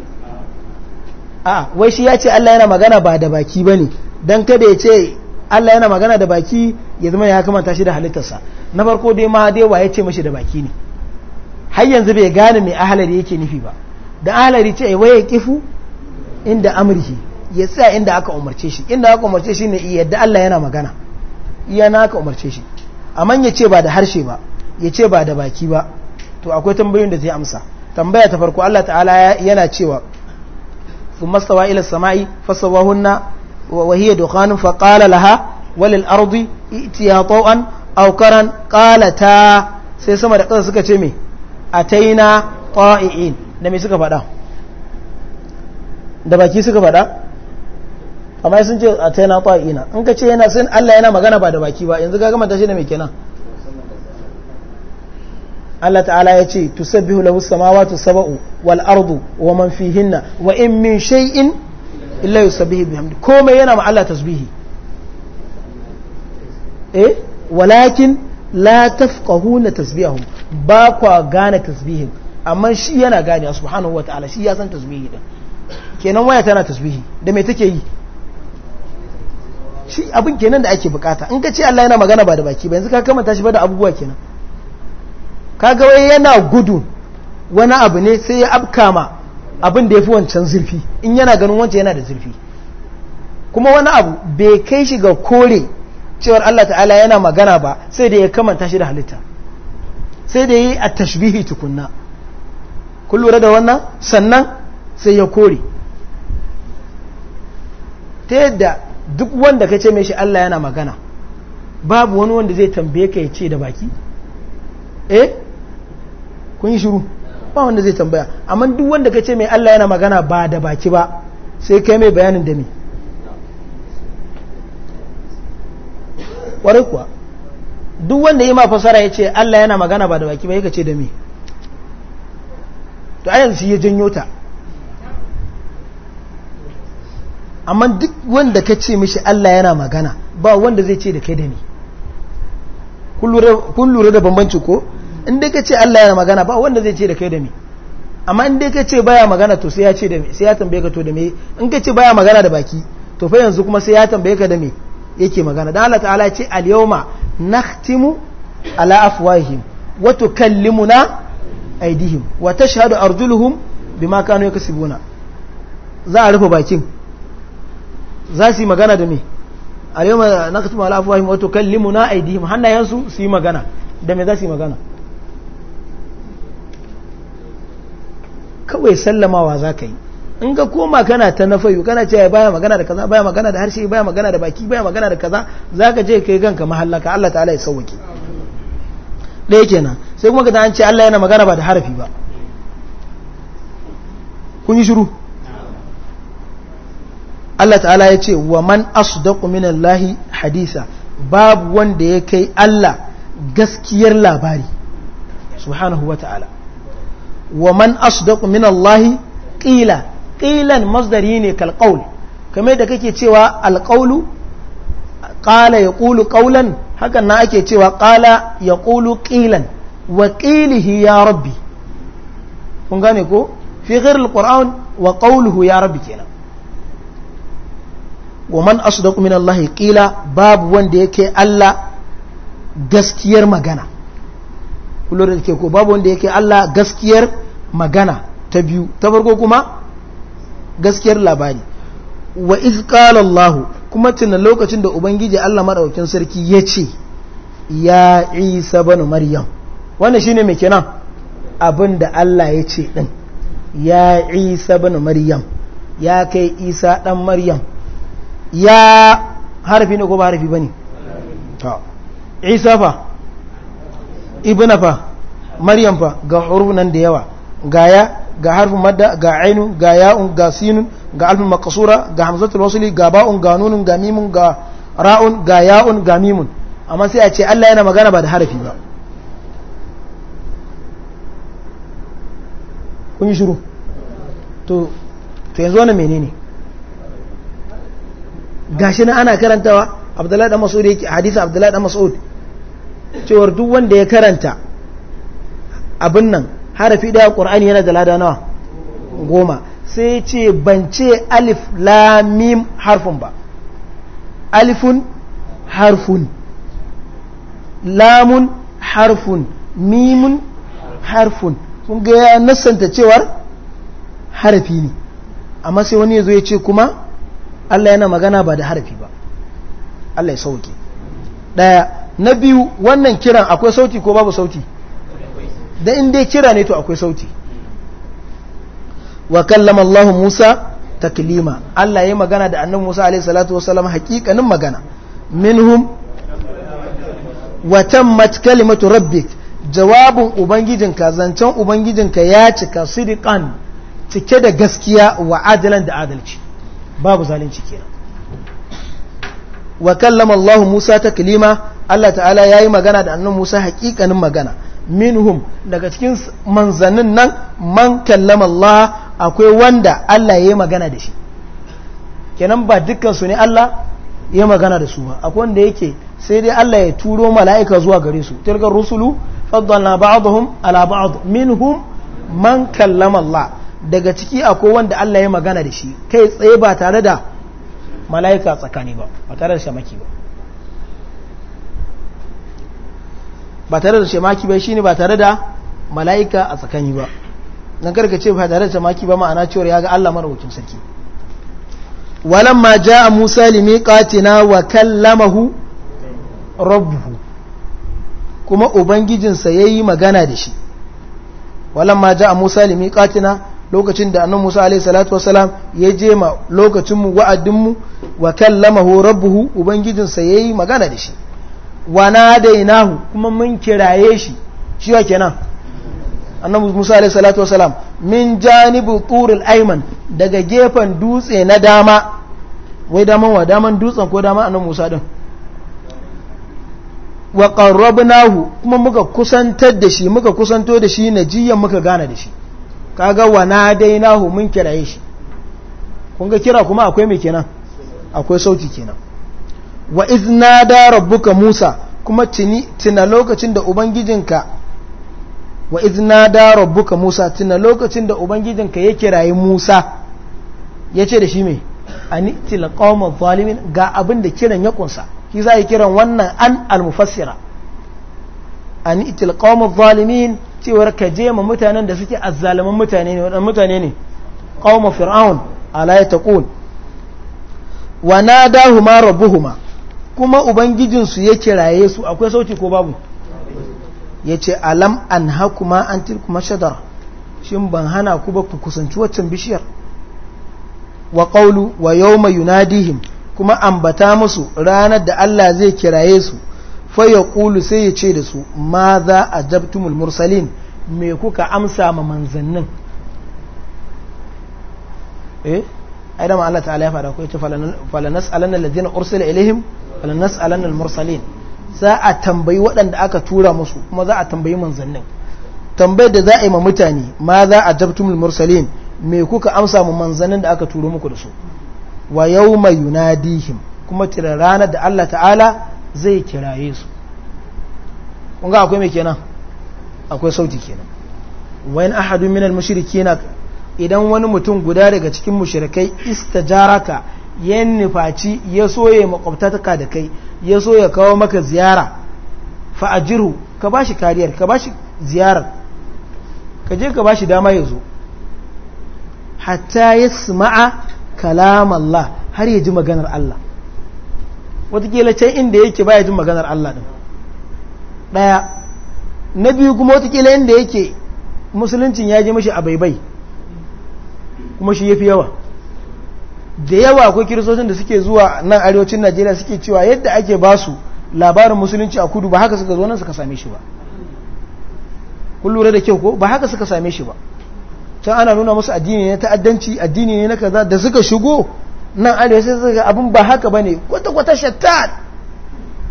a wai shi ya ce Allah yana magana ba da baki ba ne don kada ya ce Allah yana magana da baki ya zama ya kamanta shi da halittarsa na farko dai ma dai wa ya ce mashi da baki ne har yanzu bai gane mai ahalari yake nufi ba da ahalari ce eh, wai ya kifu inda amurki ya tsaya inda aka umarce shi inda aka umarce shi ne yadda Allah yana magana iya na aka umarce shi amma ya ce ba da harshe ba ya ce ba da baki ba to akwai tambayoyin da zai amsa tambaya ta farko Allah ta'ala yana cewa su mastawa ila sama'i fasawahunna wa hiya dukhanun fa qala laha walil ardi itiya taw'an aw karan qalata sai sama da ƙasa suka ce me ataina qa'iin da me suka faɗa da baki suka faɗa amma sun ce a taina ta'ina in ka ce yana sun Allah yana magana ba da baki ba yanzu ka gama ta shi da mai kenan Allah ta'ala ya ce tusabbihu lahu samawati sab'u wal ardu wa man fihinna wa in min shay'in illa yusabbihu bihamdi komai yana ma Allah tasbihi eh walakin la tafqahuna tasbihahum ba kwa gane tasbihin amma shi yana gane subhanahu wataala shi ya san tasbihi kenan waya tana tasbihi da me take yi shi abin kenan da ake bukata in ka ce Allah yana magana ba da baki ba yanzu ka kamanta shi ba da abubuwa kenan Ka ga wai yana gudu wani abu ne sai ya ma abin da ya fi wancan zurfi in yana ganin wancan yana da zurfi kuma wani abu bai kai shi ga kore cewar Allah ta'ala yana magana ba sai da ya kamanta shi da halitta sai da yi a tashbihi tukunna kun lura da wannan sannan sai ya kore ta yadda duk wanda ka ce mai shi Allah yana magana babu wani wanda zai tambaye ka ya ce da baki eh kun yi shiru ba wanda zai tambaya amma duk wanda ka ce mai Allah yana magana ba da baki ba sai kai mai bayanin da mi kwarai kuwa duk wanda yi ma fasara ya ce Allah yana magana ba da baki ba ya ka ce da mi to ayyansu shi ya janyo ta amma duk wanda ka ce mishi Allah yana magana ba wanda zai ce da kai da ni kun lura da bambanci ko in dai ka ce Allah yana magana ba wanda zai ce da kai da ni amma in dai ka ce baya magana to sai ya ce da me sai ya tambaye ka to da me in ka ce baya magana da baki to fa yanzu kuma sai ya tambaye ka da me yake magana dan Allah ta'ala ce al yawma nakhtimu ala afwahihim wa tukallimuna aydihim wa tashhadu arjuluhum bima kanu yakasibuna za a rufe bakin za su yi magana da mi a yau ma na kasu ma'ala afuwa wato limu na aidihim hannayensu su yi magana da me za su yi magana kawai sallamawa za ka yi in ka koma kana ta fayu kana ce baya magana da kaza baya magana da harshe baya magana da baki baya magana da kaza za ka je kai ganka mahallaka Allah ta'ala ya sauwake ɗaya kenan sai kuma ka ta an ce Allah yana magana ba da harafi ba kun yi shiru Allah ta'ala ya ce wa man asdaqu minallahi hadisa babu wanda ya kai Allah gaskiyar labari subhanahu wa ta'ala wa man asdaqu minallahi qila qilan masdari ne kal qaul kamar da kake cewa al qawlu qala yaqulu qawlan hakan na ake cewa qala yaqulu qilan wa qilihi ya rabbi kun gane ko fi ghairil wa qawluhu ya rabbi kenan wa man asdaqu min Allah qila babu wanda yake Allah gaskiyar magana kullu ko babu wanda yake Allah gaskiyar magana ta biyu ta farko kuma gaskiyar labari wa iz qala Allah kuma tunan lokacin da ubangiji Allah madaukakin sarki yace ya Isa ibn Maryam wannan shine me kenan abinda Allah yace din ya Isa ibn Maryam ya kai Isa dan Maryam ya harfi ne ko ba harafi ba ne isa fa ibna fa maryam fa ga hurunan da yawa ga ya ga harfin madda ga ainu ga ya'un ga sinun ga alfin makasura ga hamzatul wasuli ga ba'un ga nunun ga mimun ga ra'un ga ya'un ga mimun amma sai a ce Allah yana magana ba da harafi ba kun yi shiru to yanzu wani menene ne gashi na ana karantawa abdullahi dan mas'ud yake hadisi abdullahi dan mas'ud cewar duk wanda ya karanta abin nan harafi daya qur'ani yana da lada nawa goma sai ce ban ce alif lam mim harfun ba alifun harfun lamun harfun mimun harfun kun ga ya nasanta cewar harafi ne amma sai wani ya zo ya ce kuma Allah yana magana ba da harafi ba Allah ya sauke daya na biyu wannan kiran akwai sauti ko babu sauti da inda ya kira ne to akwai sauti wa kallama Allah Musa taklima Allah ya magana da annabi Musa alaihi salatu wasallam hakikanin magana minhum wa tammat kalimatu rabbik jawabin ubangijinka zancen ubangijinka ya cika sidiqan cike da gaskiya wa adalan da adalci babu zalunci kenan wa kallama Allah Musa taklima Allah ta'ala yayi magana da annabi Musa hakikanin magana minhum daga cikin manzanin nan man kallama Allah akwai wanda Allah yayi magana da shi kenan ba dukkan su ne Allah ya magana da su ba akwai wanda yake sai dai Allah ya turo mala'ika zuwa gare su tilgar rusulu faddalna ba'dhum ala ba'd minhum man kallama Allah daga ciki akwai wanda Allah ya magana da shi kai tsaye ba tare da mala'ika tsakani ba ba tare da shamaki ba ba tare da shamaki ba shine ba tare da mala'ika a tsakani ba don karka ce ba tare da shamaki ba ma'ana cewar ya ga Allah maraukin sarki Walan ja ja'a Musa limiqatina wa kallamahu rabbuhu kuma ubangijinsa yayi magana da shi Walan ja ja'a Musa limiqatina lokacin da annabi Musa alaihi salatu wasalam ya je ma lokacin mu wa'adin mu wa kallamahu rabbuhu ubangijin sa yayi magana da shi wa nadainahu kuma mun kiraye shi shi wa kenan annabi Musa alaihi salatu wasalam min janibu turul ayman daga gefen dutse na dama wai daman wa daman dutsen ko dama annabi Musa din wa qarrabnahu kuma muka kusantar da shi muka kusanto da shi najiyan muka gana da shi kaga wana daina nahu mun kiraye shi kun ga kira kuma akwai mai kenan akwai sauti kenan wa izna da rabbuka musa kuma tuna lokacin da ubangijinka wa izna rabbuka musa tuna lokacin da ubangijinka ya kiraye musa ya ce da shi me ani itila qawma zalimin ga abin da kiran ya kunsa shi za a kiran wannan an almufassira ani itila qawma zalimin cewar ka je ma mutanen da suke azzalaman mutane ne waɗannan mutane ne qauma fir'aun ala yataqul wa nadahuma rabbuhuma kuma ubangijinsu ya kiraye su akwai sauki ko babu yace alam an anhakuma an tilku mashadar? shin ban hana ku ba ku kusanci waccan bishiyar wa qawlu wa yawma yunadihim kuma ambata musu ranar da Allah zai kiraye su faya sai ya ce da su ma za a jabtumul mursalin me kuka amsa ma manzannin eh yace falanas alanna alladhina falanas za a tambayi waɗanda aka tura musu kuma za a tambayi manzannin tambayar da za a yi ma mutane ma za a jabtumul mursalin me kuka amsa ma manzannin da aka turo muku da su wa yunadihim kuma tira ranar da Allah ta'ala zai kiraye su kunga akwai mai kenan akwai sauti kenan wani ahadu minal mashiriki na idan wani mutum guda daga cikin ista istajaraka yin nufaci ya so ya makwabtaka da kai ya so kawo maka ziyara fa'ajiru ka ba shi kariyar ka ba shi ziyarar ka je ka ba shi dama ya zo hatta ya sima'a kalamallah har ya ji maganar Allah watakila can inda yake baya jin maganar Allah ɗin ɗaya na biyu kuma watakila inda yake musuluncin ya je mashi a baibai kuma shi ya fi yawa da yawa akwai kiristocin da suke zuwa nan arewacin najeriya suke cewa yadda ake ba su labarin musulunci a kudu ba haka suka zo nan suka same shi ba kun lura da kyau ko ba haka suka same shi ba can ana nuna musu addini ne ta'addanci addini ne na kaza da suka shigo nan arewa sai zai abin ba haka ba ne kwata-kwata shattat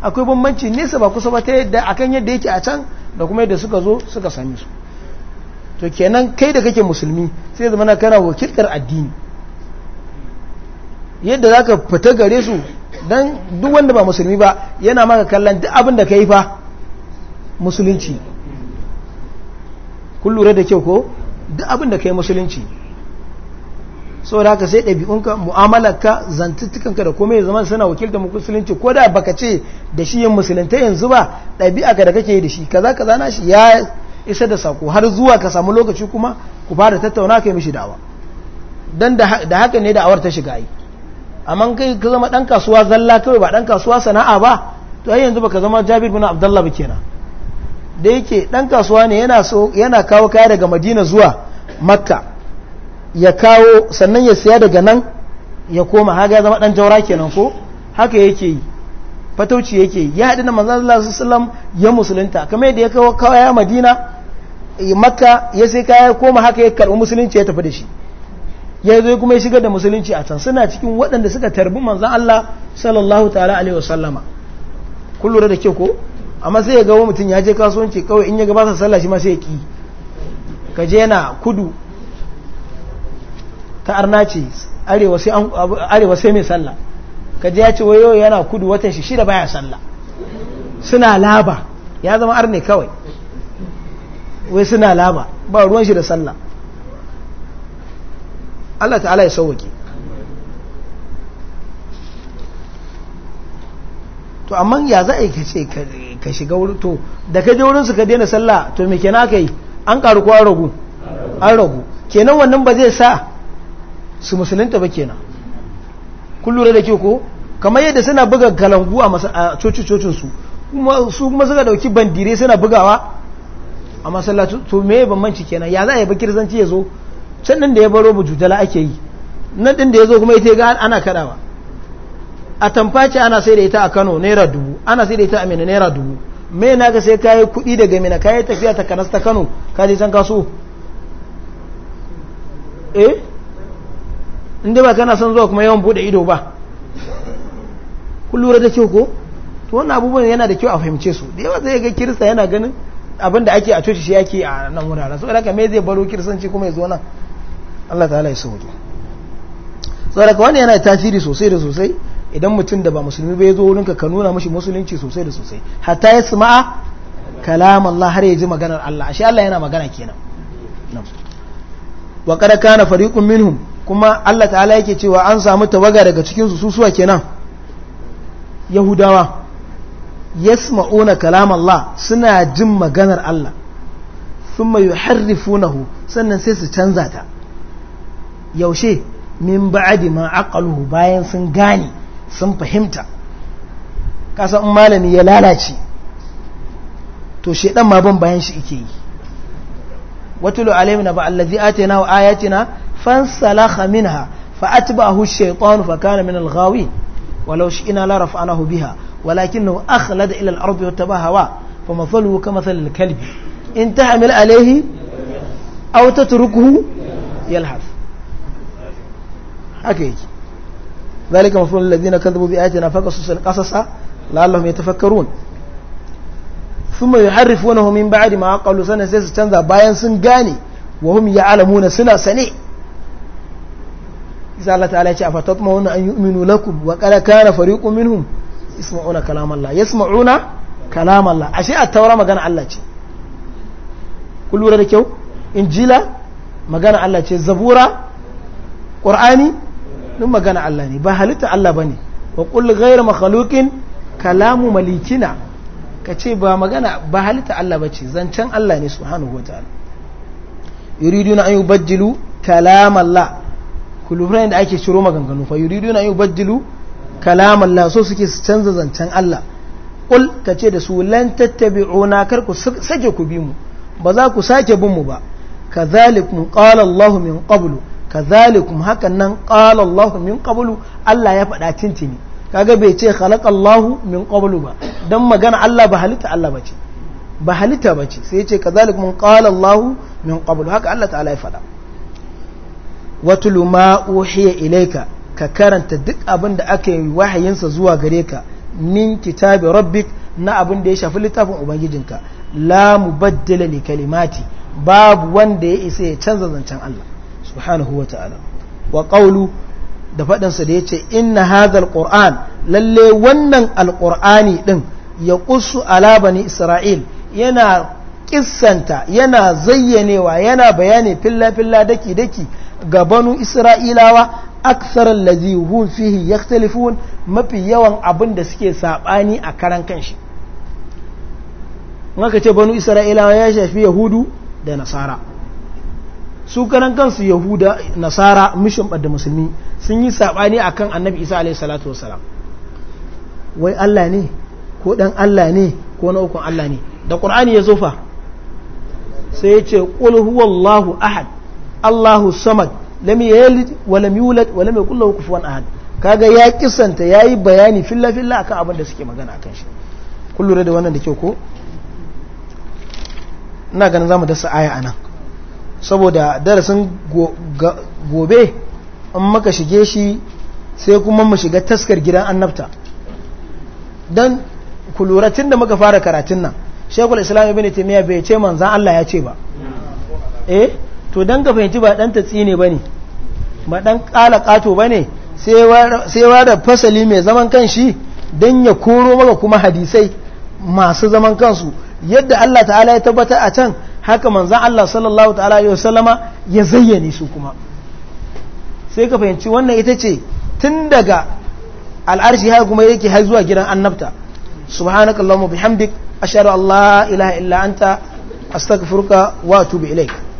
akwai bambanci nesa ba kusa ba ta yadda akan yadda yake a can da kuma yadda suka zo suka sami su to kenan kai da kake musulmi sai zama na kana wakiltar addini yadda za ka fita gare su don duk wanda ba musulmi ba yana maka kallon duk abin da ka yi fa musulunci kun lura da kyau ko duk abin da ka yi musulunci saboda haka sai ɗabi'unka mu'amalarka zantuttukanka da komai ya zama suna wakilta musulunci ko da baka ce da shi yin musulunta yanzu ba ɗabi'aka da kake da shi kaza kaza na shi ya isa da sako har zuwa ka samu lokaci kuma ku fara tattauna kai mishi dawa dan da haka ne da'awar ta shiga yi amma kai ka zama dan kasuwa zalla kawai ba dan kasuwa sana'a ba to ai yanzu baka zama Jabir bin Abdullah ba kenan da yake dan kasuwa ne yana kawo kaya daga Madina zuwa Makka ya kawo sannan ya siya daga nan ya koma haga zama dan jaura kenan ko haka yake yi fatauci yake yi ya haɗu da manzan Allah sallam ya musulunta kamar yadda ya kawo kaya madina makka ya sai kaya koma haka ya karɓi musulunci ya tafi da shi ya zo kuma ya shigar da musulunci a can suna cikin waɗanda suka tarbi manzan Allah sallallahu ta'ala alaihi wasallama kun lura da ke ko amma sai ya ga mutum ya je kasuwanci kawai in ya ga ba sa sallah shi ma sai ya ki ka je yana kudu ta arna ce arewa sai mai sallah kaji ya ce wayo yana kudu watan shi shida baya sallah suna laba ya zama arne kawai wai suna laba ba ruwan shi da sallah Allah ta'ala ya sauwake to amma ya za a yi kace ka shiga wurin to da ka je wurin su ka daina sallah to me kenan kai yi an karu ko an ragu an ragu kenan wannan ba zai sa su musulunta ba kenan kun lura da ke ko kamar yadda suna buga galangu a cocin cocinsu su kuma suka dauki bandire suna bugawa a masallaci to me bambanci kenan ya za a yi bakir zanci ya zo can ɗin da ya baro bujutala ake yi nan ɗin da ya zo kuma ita ga ana kadawa a tamfaci ana sai da ita a kano naira dubu ana sai da ita a mina naira dubu me na ga sai kayi kuɗi daga mina kayi tafiya ta kanasta kano ka je san kaso eh inda ba kana son zuwa kuma yawan buɗe ido ba kullura da kyau ko to wannan abubuwan yana da kyau a fahimce su da yawa zai ga kirista yana ganin abin da ake a coci shi yake a nan wuraren saboda haka me zai baro kirsanci kuma ya zo nan Allah ta'ala ya sauke saboda wani yana tasiri sosai da sosai idan mutum da ba musulmi ba ya zo wurinka ka nuna mashi musulunci sosai da sosai hatta ya sama'a kalam Allah har ya ji maganar Allah ashe Allah yana magana kenan wa qad kana fariqun minhum kuma Allah ta'ala yake cewa an samu tawaga daga cikinsu su suwa kenan yahudawa yasma'una kalam Allah suna jin maganar Allah thumma yuharrifunahu sannan sai su canza ta yaushe min ba'adi ma aqaluhu bayan sun gane sun fahimta kasa in malami ya lalace to shedan ma ban bayan shi yake yi watulu alaymina ba allazi atina wa ayatina فانسلخ منها فأتبعه الشيطان فكان من الغاوين ولو شئنا لرفعناه بها ولكنه أخلد إلى الأرض واتبع هواه فمثله كمثل الكلب إن تعمل عليه أو تتركه يلحف حكيك ذلك مثل الذين كذبوا بآياتنا فقصص القصص لعلهم يتفكرون ثم يحرفونه من بعد ما قالوا سنة سيسا تنذا باين سنغاني وهم يعلمون سنة سنين isa Allah ta'ala ya ce afatatma'una an yu'minu lakum wa kana minhum a taura magana Allah ce lura da kyau injila magana Allah ce zabura ƙur'ani duk magana Allah ne ba halitta Allah wa kalamu malikina kace ba magana ba halitta Allah zancen Allah ne subhanahu wataala yuriduna an yubajjilu ku da ake ciro maganganu fa yi baddilu kalaman la so suke su canza zancen Allah qul kace da su lan tattabi'una kar ku sake ku bi mu ba za ku sake bin mu ba kadhalikum qala Allah min qablu kadhalikum hakan nan qala Allah min qablu Allah ya faɗa tintini kaga bai ce khalaqa Allah min qablu ba dan magana Allah ba halitta Allah ba ce ba halitta ba ce sai ya ce kadhalikum qala Allah min qablu haka Allah ta'ala ya faɗa watulu ma uhiya ilaika ka karanta duk abin da aka yi wahayinsa zuwa gare ka min kitabi rabbik na abin da ya shafi littafin ubangijinka la mubaddila li kalimati babu wanda ya isa ya canza zancen Allah subhanahu wa ta'ala wa qawlu da faɗinsa da ya ce inna hadhal qur'an lalle wannan alqur'ani din ya qussu ala bani isra'il yana kissanta yana zayyanewa yana bayani filla filla daki daki ga banu isra'ilawa aksar allazi hum fihi telefon mafi yawan abin da suke sabani a karan kanshi maka ce banu isra'ilawa ya shafi yahudu da nasara su karan kansu yahuda nasara mishin da musulmi sun yi sabani akan annabi isa alaihi wasalam wai Allah ne ko dan Allah ne ko na uku Allah ne da ƙur'ani ya zofa sai ya ce qul huwallahu ahad Allahu samad lam yalid wa lam yulad wa lam yakul lahu kufuwan ahad kaga ya kisanta yayi bayani filla filla akan abin da suke magana akan shi kun lura da wannan da kyau ko ina ganin zamu dasa aya anan saboda darasin gobe in maka shige shi sai kuma mu shiga taskar gidan annabta dan ku lura tun da muka fara karatun nan shekul islam ibn taymiya bai ce manzan Allah ya ce ba eh to don ka fahimci ba ɗan tatsi ne ba ne ba ɗan ƙala ƙato ba ne sai wa da fasali mai zaman kan shi don ya koro maka kuma hadisai masu zaman kansu yadda Allah ta'ala ya tabbata a can haka manzan Allah sallallahu ta'ala ya salama ya zayyane su kuma sai ka fahimci wannan ita ce tun daga al'arshi haka kuma yake har zuwa gidan annabta subhanakallahumma bihamdik ashhadu allah ilaha illa anta astaghfiruka wa atubu ilaik